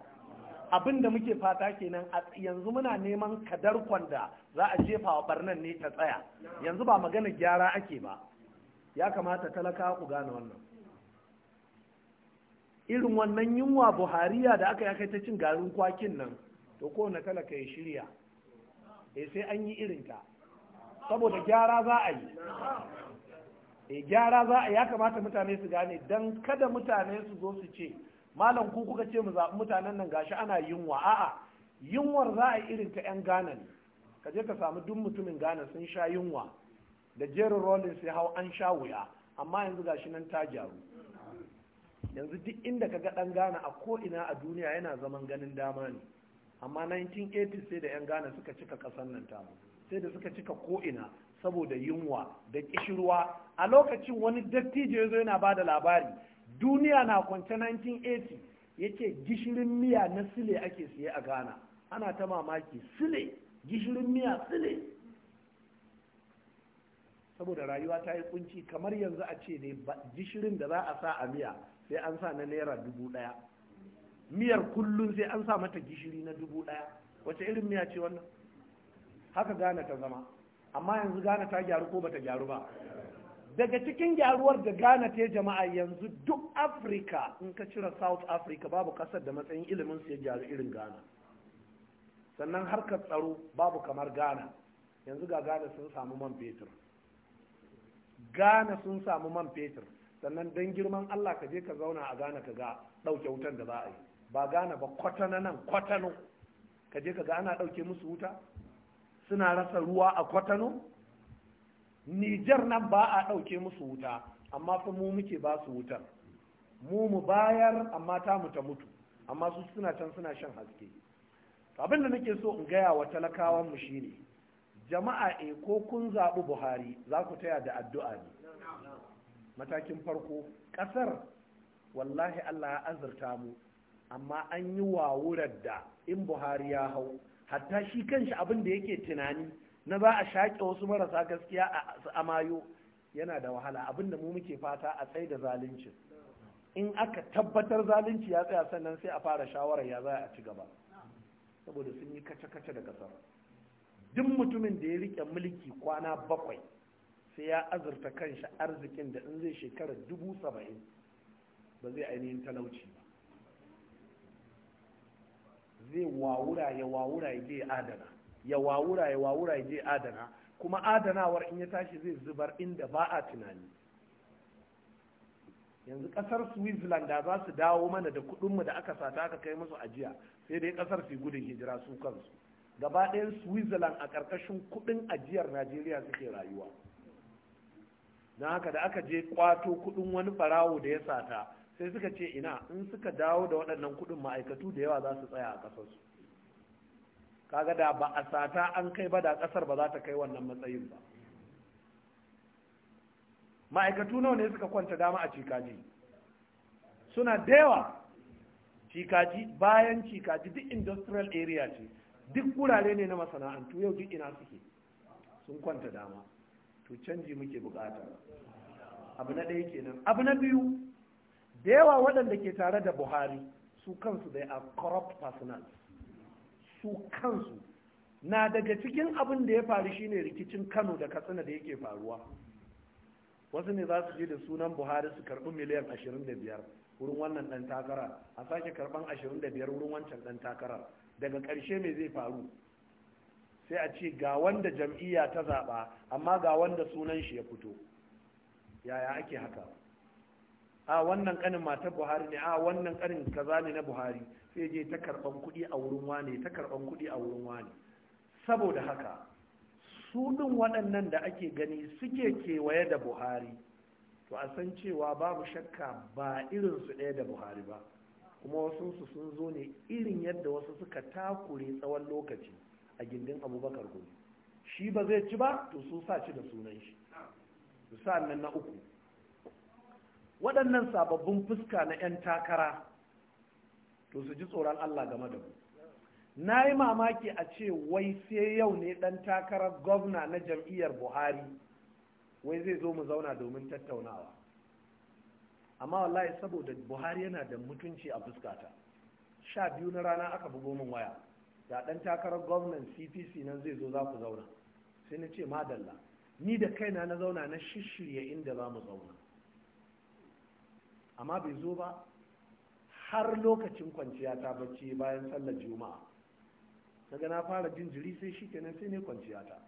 abin muke fata kenan yanzu muna neman kadar kwanda za a jefa wa barnan ne ta tsaya yanzu ba magana gyara ake ba ya kamata talaka ku gane wannan irin wannan yunwa buhariya da aka yi ta cin garin kwakin nan to kowane talaka ya shirya e sai an yi irinta saboda gyara za a yi eh gyara za a ya kamata mutane su gane don kada mutane su zo su ce malam ku kuka ce mu zaɓi mutanen nan gashi ana yunwa a'a yunwar za a irin ta 'yan gana ne ka je ka samu duk mutumin gana sun sha yunwa da jerin rolin sai hau an sha wuya amma yanzu gashi nan ta gyaru yanzu duk inda ka ga ɗan gana a ko ina a duniya yana zaman ganin dama ne amma 1980 sai da 'yan ghana suka cika ƙasar nan tamu sai da suka cika ko'ina saboda yunwa da kishirwa a lokacin wani dattijo ya zo yana ba da labari duniya na kwance 1980 ya ce gishirin miya na sile ake siye a ghana ana ta mamaki sile gishirin miya sile saboda rayuwa ta yi kunci kamar yanzu a ce ne gishirin da za a sa a miya sai an sa na naira dubu ɗaya miyar kullum sai an sa mata gishiri na dubu ɗaya wace irin miya ce wannan haka gane ta zama amma yanzu gane ta gyaru ko bata gyaru ba daga cikin gyaruwar da gane ta jama'a yanzu duk afirka in ka cire south africa babu kasar da matsayin ilimin su ya gyaru irin ghana sannan harkar tsaro babu kamar ghana yanzu ga ghana sun samu man fetur ghana sun samu man fetur sannan don girman allah ka je ka zauna a ghana ka ga ɗauke wutan da za a yi ba gane ba kwatana nan kwatano ka je kaga ana ɗauke musu wuta suna rasa ruwa a kwatano nijar nan ba a ɗauke musu wuta amma fa mu muke ba su wutar mu mu bayar amma ta mu ta mutu amma su suna can suna shan haske abin da nake so in gaya wa talakawan mu shine jama'a e ko kun zaɓi buhari za ku taya da addu'a ne matakin farko ƙasar wallahi allah ya azurta mu amma an yi wawurar da in buhari ya hau hatta shi kanshi abin da yake tunani na za a shaƙe wasu marasa gaskiya a Amayo yana da wahala abin da mu muke fata a tsaye da zalunci in aka tabbatar zalunci ya tsaya sannan sai a fara shawarar ya za a ci gaba saboda sun yi kace-kace da kasar duk mutumin da ya rike mulki kwana bakwai sai ya azurta kanshi arzikin da in zai shekarar dubu saba'in ba zai ainihin talauci ba zai wawura ya wawura ya je adana ya wawura ya wawura ya je adana kuma adanawar in ya tashi zai zubar inda ba a tunani yanzu kasar switzerland da za su dawo mana da kudinmu da aka sata aka kai musu ajiya sai dai kasar su gudun hijira su kansu gaba ɗayan switzerland a ƙarƙashin kuɗin ajiyar najeriya suke rayuwa Na haka da aka je kwato kuɗin wani Farawo da ya sata sai suka ce ina in suka dawo da waɗannan kuɗin ma'aikatu da yawa za su tsaya a ƙasarsu kaga da ba a sata an kai ba da ƙasar ba za ta kai wannan matsayin ba ma'aikatu nawa ne suka kwanta dama a cikaji suna da yawa cikaji bayan cikaji duk industrial area ce duk wurare ne na masana'antu yau duk ina suke sun kwanta dama to canji muke bukata abu na ɗaya kenan abu na biyu da yawa waɗanda ke tare da buhari su kansu dai a corrupt personal su kansu na daga cikin abin da ya faru shine rikicin kano da katsina da yake faruwa wasu ne za su je da sunan buhari su karɓi miliyan 25 wurin wannan ɗan takara a sake karɓan 25 wurin wancan ɗan takara daga ƙarshe mai zai faru sai a ce ga wanda jam'iyya ta zaɓa amma ga wanda sunan shi ya fito yaya ake haka a wannan kanin matar buhari ne a wannan kanin kaza ne na buhari sai je ta karban kuɗi a wurin wane ta karban kuɗi a wurin wane saboda haka su ɗin waɗannan da ake gani suke kewaye da buhari to a san cewa babu shakka ba irinsu ɗaya da buhari ba kuma wasunsu sun zo ne irin yadda wasu suka takure tsawon lokaci a gindin abubakar gobe shi ba zai ci ba to su sa ci da sunan shi sa nan na uku waɗannan sababbin fuska na 'yan takara to su ji tsoron Allah game da mu na yi mamaki a ce wai sai yau ne ɗan takarar gwamna na jam'iyyar buhari wai zai zo mu zauna domin tattaunawa amma wallahi saboda buhari yana da mutunci a fuskata sha biyu na rana aka bugo min waya da ɗan takarar gwamnan cpc nan zai zo za ku zauna sai na ce madalla ni da kaina na zauna na shishirya inda za mu zauna amma bai zo ba har lokacin kwanciya ta bacci bayan sallar juma'a daga na fara jin jiri sai shi kenan sai ne kwanciya ta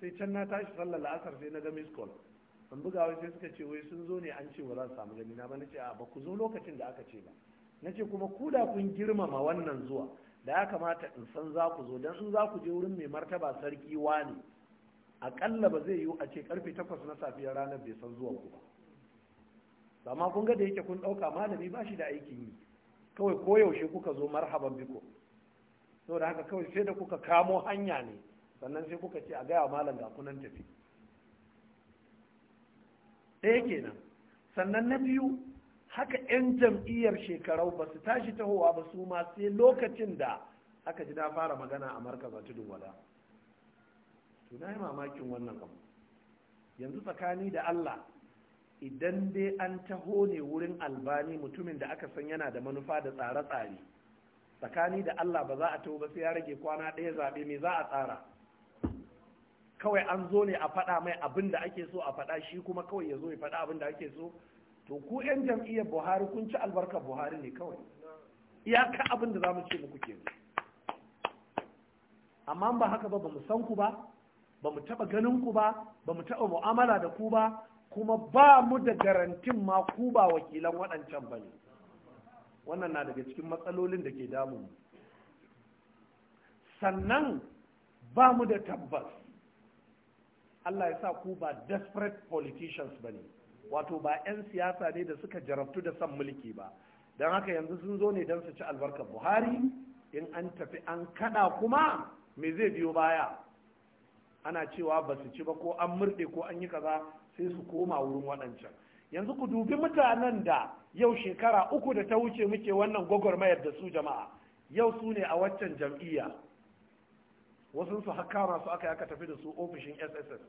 sai can na tashi sallar la'asar sai na ga miss call buga wai sai suka ce wai sun zo ne an ce ba za su samu gani na ba na ce a ba ku zo lokacin da aka ce ba na ce kuma ku da kun girmama wannan zuwa da ya kamata in san za ku zo don in za ku je wurin mai martaba sarki wani akalla ba zai yiwu a ce karfe takwas na safiyar ranar bai san zuwan ku ba ma kun ga da yake kun ɗauka malami ba shi da aikin yi kawai koyaushe kuka zo marhaban biko da haka kawai sai da kuka kamo hanya ne sannan sai kuka ce a gaya malam ga kunan tafi ɗaya kenan sannan na biyu haka 'yan jam'iyyar shekarau ba su tashi tahowa ba su ma sai lokacin da aka ji na fara magana a markaza tudun wada to na yi mamakin wannan abu yanzu tsakani da allah idan dai an taho ne wurin albani mutumin da aka san yana da manufa da tsare-tsare tsakani da allah ba za a taho ba sai ya rage kwana ɗaya zaɓe mai za a tsara kawai an zo ne a faɗa mai abin da ake so a faɗa shi kuma kawai ya zo ya faɗa abin da ake so to ku 'yan jam'iyyar buhari kun ci albarkar buhari ne kawai ka abin da za mu ce muku ke. amma ba haka ba ba mu san ku ba ba mu taɓa ganin ku ba ba mu taɓa mu'amala da ku ba kuma ba mu da garantin ma ku ba wakilan waɗancan ba ne wannan na daga cikin matsalolin da ke damun sannan ba mu da tabbas Allah ya sa ku ba desperate politicians ba ne wato ba 'yan siyasa ne da suka jarabtu da son mulki ba don haka yanzu sun zo ne don su ci albarkar buhari in an tafi an kada kuma me zai biyo baya ana cewa ba su ci ba ko an murɗe ko an yi kaza sai su koma wurin waɗancan yanzu ku dubi mutanen da yau shekara uku da ta wuce muke wannan gwagwarmayar da su jama'a yau su ne a waccan jam'iyya wasu su haka masu aka aka tafi da su ofishin sss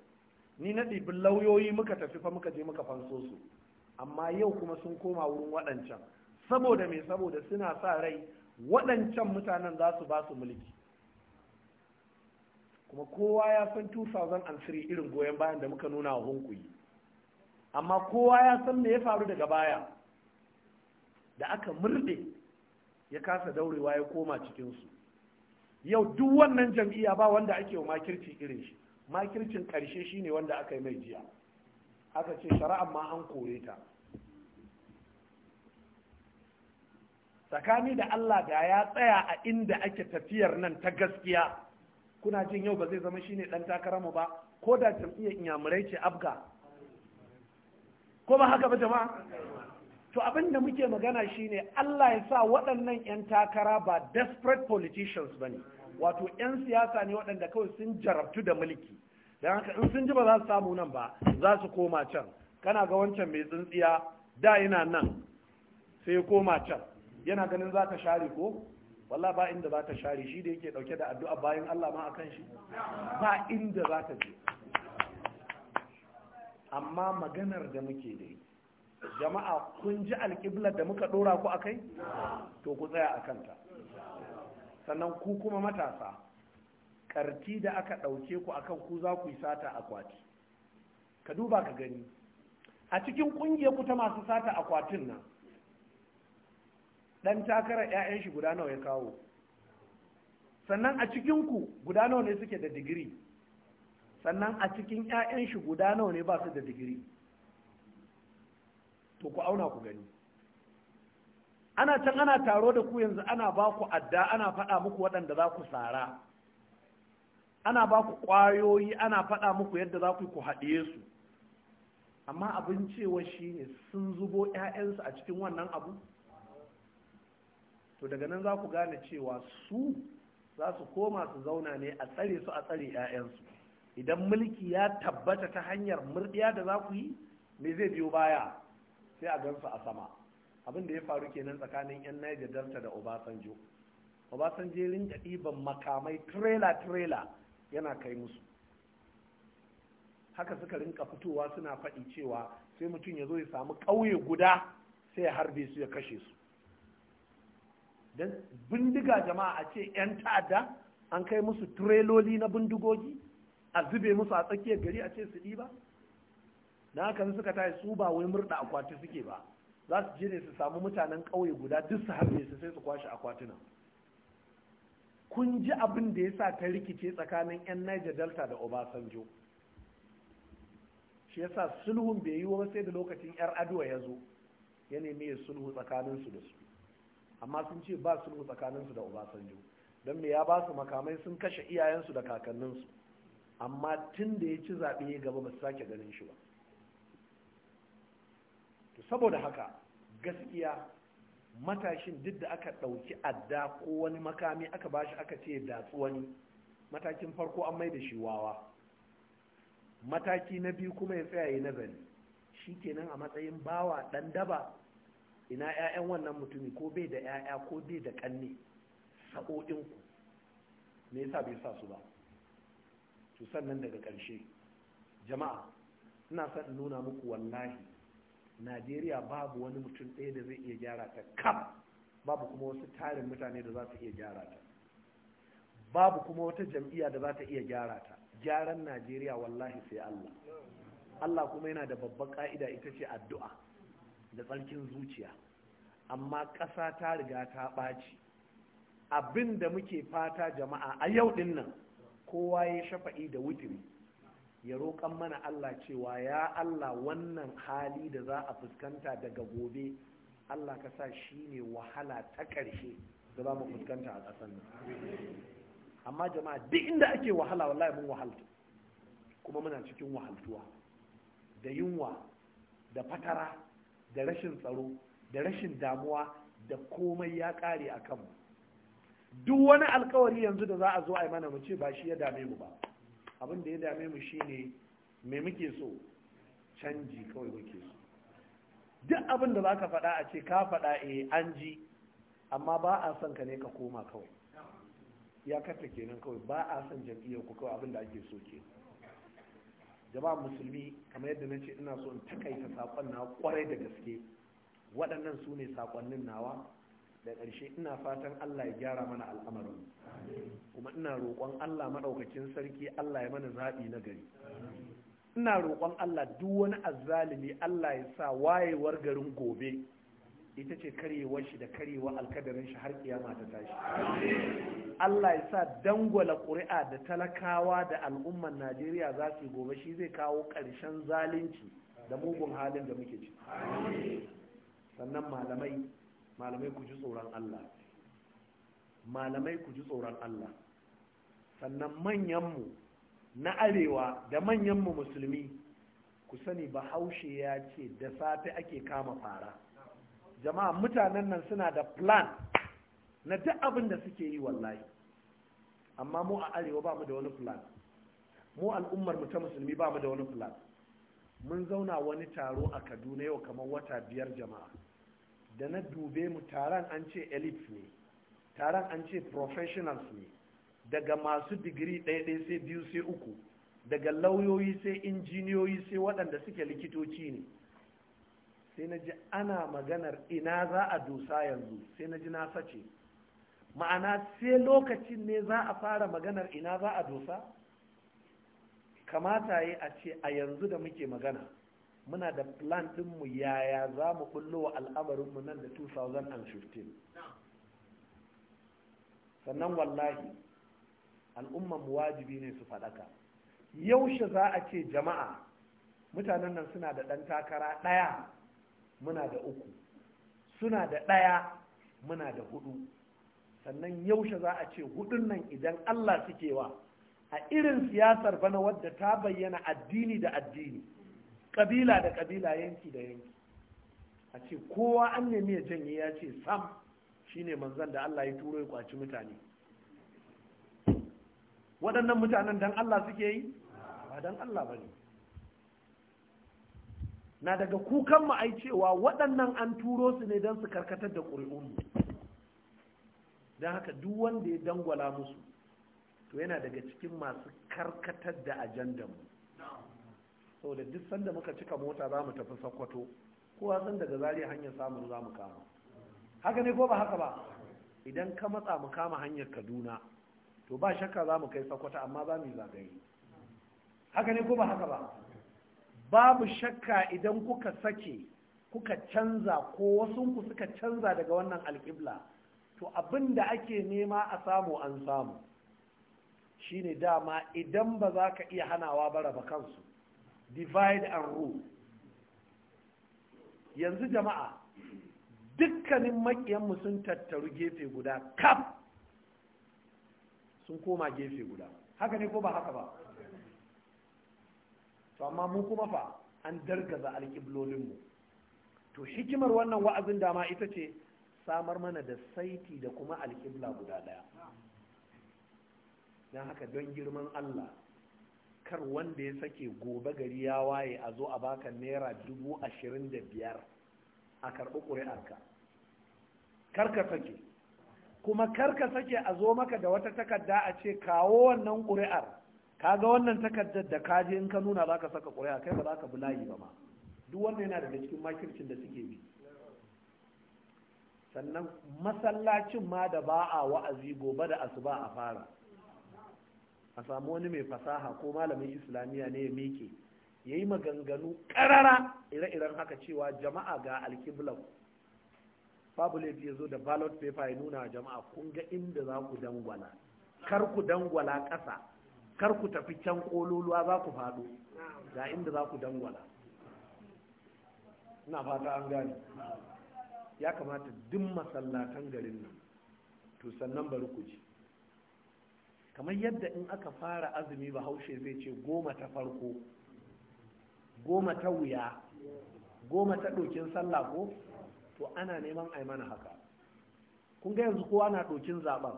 ni na ɗibin lauyoyi muka tafi fa muka je muka fanso su amma yau kuma sun koma wurin waɗancan saboda mai saboda suna sa rai waɗancan mutanen za su ba su mulki kuma kowa ya san 2003 irin goyon bayan da muka nuna wa hunkuyi amma kowa ya san me ya faru daga baya da aka murde ya kasa daurewa ya koma cikinsu yau duk wannan jam'iyya ba wanda ake wa makirci irin shi makircin ƙarshe shine wanda aka yi mai jiya aka ce shari'ar ma an kore ta tsakani da Allah da ya tsaya a inda ake tafiyar nan ta gaskiya kuna jin yau ba zai zama shine dan takararmu ba ko da jam'iyyar inyamurai ce abga ko ba haka ba jama'a to abin da muke magana shine Allah ya sa waɗannan 'yan takara ba desperate politicians ba ne wato 'yan siyasa ne waɗanda kawai sun jarabtu da mulki don haka in sun ji ba za su samu nan ba za su koma can kana ga wancan mai tsintsiya da ina nan sai ya koma can yana ganin za ta share ko wallah ba inda za ta share shi da yake dauke da addu'a bayan Allah ma akan shi ba inda za ta je amma maganar da muke da jama'a kun ji alƙiblar da muka ɗora ku a kai to ku tsaya a kanta sannan ku kuma matasa ƙarti da aka ɗauke ku kan ku za ku yi sata akwati ka duba ka gani a cikin ƙungiyar ku ta masu sata akwatin nan ɗan takarar 'ya'yan shi guda nawa ya kawo sannan a cikinku guda nawa ne suke da digiri sannan a cikin 'ya'yan shi guda nawa ne ba su da digiri to ku auna ku gani ana can ana taro da ku yanzu ana ba ku adda ana faɗa muku waɗanda za ku tsara, ana ba ku ƙwayoyi ana faɗa muku yadda za ku ku haɗe su amma abin cewa shi ne sun zubo 'ya'yansu a cikin wannan abu to daga nan za ku gane cewa su za su koma su zauna ne a tsare su a tsare 'ya'yansu idan mulki ya tabbata ta hanyar murdiya da za ku yi me zai biyo baya sai a gansu a sama abin da ya faru kenan tsakanin yan Niger Delta da Obasanjo Obasanjo ya rinka ɗiban makamai trailer trailer yana kai musu haka suka rinka fitowa suna faɗi cewa sai mutum ya zo ya samu ƙauye guda sai ya harbe su ya kashe su don bindiga jama'a a ce 'yan ta'adda an kai musu tureloli na bindigogi a zube musu a tsakiyar gari a ce su ba? na haka suka tashi su ba wai murɗa akwati suke ba za su je ne su samu mutanen ƙauye guda duk su harbe su sai su kwashe akwatuna kun ji abin da ya sa ta rikice tsakanin 'yan niger delta da obasanjo shi yasa sulhun bai yi wa sai da lokacin 'yar aduwa ya zo ya nemi ya sulhu tsakaninsu da su amma sun ce ba sulhu tsakaninsu da obasanjo don me ya ba su makamai sun kashe iyayensu da kakanninsu amma tun da ya ci zaɓe ya gaba ba su sake ganin shi ba to saboda haka gaskiya matashin duk da aka ɗauki adda ko wani makami aka ba shi aka ce datsu wani matakin farko an mai da shi wawa mataki na biyu kuma ya tsaya yi nazari shi kenan a matsayin bawa ɗan daba ina 'ya'yan wannan mutumi ko bai da 'ya'ya ko bai da ƙanne sa'o'inku me yasa bai sa su ba to sannan daga ƙarshe jama'a ina son in nuna muku wallahi najeriya babu wani mutum ɗaya da zai iya gyara ta kam babu kuma wasu tarin mutane da za su iya gyara ta babu kuma wata jam'iyya da za ta iya gyara ta gyaran najeriya wallahi sai allah allah kuma yana da babban ƙa'ida ita ce addu'a da tsarkin zuciya amma ƙasa ta riga ta ɓaci abin da muke fata jama'a a yau ɗin nan kowa ya shafa'i da wutiri ya roƙan mana Allah cewa ya Allah wannan hali da za a fuskanta daga gobe Allah ka sa shi ne wahala ta ƙarshe da za mu fuskanta a ƙasar nan amma jama'a duk inda ake wahala wallahi mun wahalta kuma muna cikin wahaltuwa da yunwa da fatara da rashin tsaro da rashin damuwa da komai ya ƙare a kanmu duk wani alkawari yanzu da za a zo a yi mana mu ce ba shi ya dame mu ba abin da ya dame mu shine me muke so canji kawai muke so duk abin da za ka faɗa a ce ka faɗa eh an ji amma ba a son ka ne ka koma kawai ya karta kenan kawai ba a son jam'iyyar ku kawai abin da ake so ke jama'a musulmi kamar yadda na ce ina so in takaita saƙon na kwarai da gaske waɗannan su ne saƙonnin nawa da ƙarshe ina fatan Allah ya gyara mana al'amarin kuma ina roƙon Allah maɗaukacin sarki Allah ya mana zaɓi na gari ina roƙon Allah duk wani azzalimi Allah ya sa wayewar garin gobe ita ce karyewar shi da karyewa alkadarin shi har kiyama ta tashi Allah ya sa dangwala ƙuri'a da talakawa da al'ummar Najeriya za su gobe shi zai kawo ƙarshen zalunci da mugun halin da muke ci sannan malamai malamai ku ji tsoron Allah malamai ku ji tsoron Allah sannan manyanmu na arewa da manyanmu musulmi ku sani bahaushe ya ce da safe ake kama fara jama'a mutanen nan suna da plan na duk abin da suke yi wallahi amma mu a arewa ba mu da wani plan mu al'ummar mu ta musulmi ba mu da wani plan mun zauna wani taro a kaduna yau kamar wata biyar jama'a da na dube mu taron an ce elite ne taron an ce professionals ne daga masu digiri ɗaya ɗaya sai biyu sai uku daga lauyoyi sai injiniyoyi sai waɗanda suke likitoci ne sai na ji ana maganar ina za a dusa yanzu sai na ji na sace ma'ana sai lokacin ne za a fara maganar ina za a dosa kamata yi a ce a yanzu da muke magana muna da plan mu yaya za mu kullo wa al'amarinmu nan da 2015 sannan wallahi al'umman mu wajibi ne su faɗaka yaushe za a ce jama'a mutanen nan suna da ɗan takara ɗaya muna da uku suna da ɗaya muna da hudu sannan yaushe za a ce hudun nan idan allah suke wa a irin siyasar bana wadda ta bayyana addini da addini kabila da kabila yanki da yanki a ce kowa an nemi ya janye ya ce sam shine manzan da Allah ya turo ya kwaci mutane waɗannan mutanen dan Allah suke yi ba dan Allah ba ne na daga kukan mu ai cewa waɗannan an turo su ne don su karkatar da ƙuri'un don haka duk wanda ya dangwala musu to yana daga cikin masu karkatar da ajandan mu Sau da duk sanda muka cika mota za mu tafi sakwato, kowa san daga zari hanyar samun za mu kama haka ne ko ba haka ba idan ka matsa mu kama hanyar kaduna to ba shakka za mu kai sakwato, amma za mu yi zagaye haka ne ko ba haka ba babu shakka idan kuka sake kuka canza ko wasunku suka canza daga wannan alƙibla to abin da ake nema a samu an samu shine dama idan ba za ka iya hanawa bara ba kansu divide and rule yanzu jama'a dukkanin makiyanmu sun tattaru gefe guda kaf sun koma gefe guda haka ne ko ba haka ba to amma mu kuma fa an dargaza alƙiblolinmu to hikimar wannan wa'azin dama ita ce samar mana da saiti da kuma alƙibla guda ɗaya don haka don girman allah kar wanda ya sake gobe gari ya waye a zo a baka naira dubu ashirin da biyar a karɓi ƙuri'arka karka sake kuma karka sake a zo maka da wata takarda a ce kawo wannan ƙuri'ar ka ga wannan takardar da ka je in ka nuna za ka saka ƙuri'a kai ba za ka bi layi ba ma duk wannan yana daga cikin makircin da suke bi sannan masallacin ma da ba a wa'azi gobe da asuba a fara a samu wani mai fasaha ko malamin islamiya ne ya miƙe ya yi maganganu ƙarara ire-iren haka cewa jama'a ga alkiblan babu laifi ya zo da ballot paper ya nuna jama'a kun ga inda za ku dangwala kar ku dangwala ƙasa kar ku tafi can ƙololuwa za ku faɗo ga inda za ku dangwala ina fata an gane ya kamata duk masallatan garin nan to sannan bari ku ji kamar yadda in aka fara azumi bahaushe zai ce goma ta farko goma ta wuya goma ta ɗokin sallah ko to ana neman a mana haka kun ga yanzu kowa na ɗokin zaɓen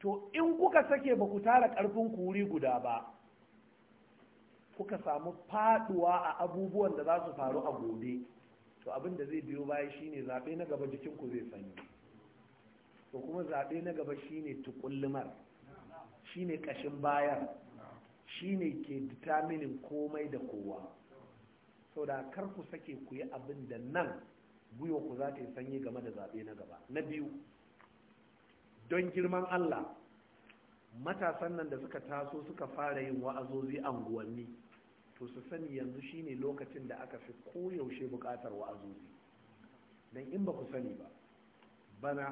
to in kuka sake ba ku tara ƙarfin wuri guda ba kuka samu faɗuwa a abubuwan da za su faru a gobe to abin da zai biyo baya shine zaɓe na gaba jikinku zai sanyi to kuma zaɓe na gaba shine tukullumar shine kashin bayan shine ke determining komai da kowa sau da kar ku sake ku yi abin da nan guyo ku za ta yi sanyi game da zaɓe na gaba na biyu don girman allah matasan nan da suka taso suka fara yin wa'azozi anguwanni to su sani yanzu shine lokacin da aka fi koyaushe buƙatar wa'azozi don in ba ku sani ba bana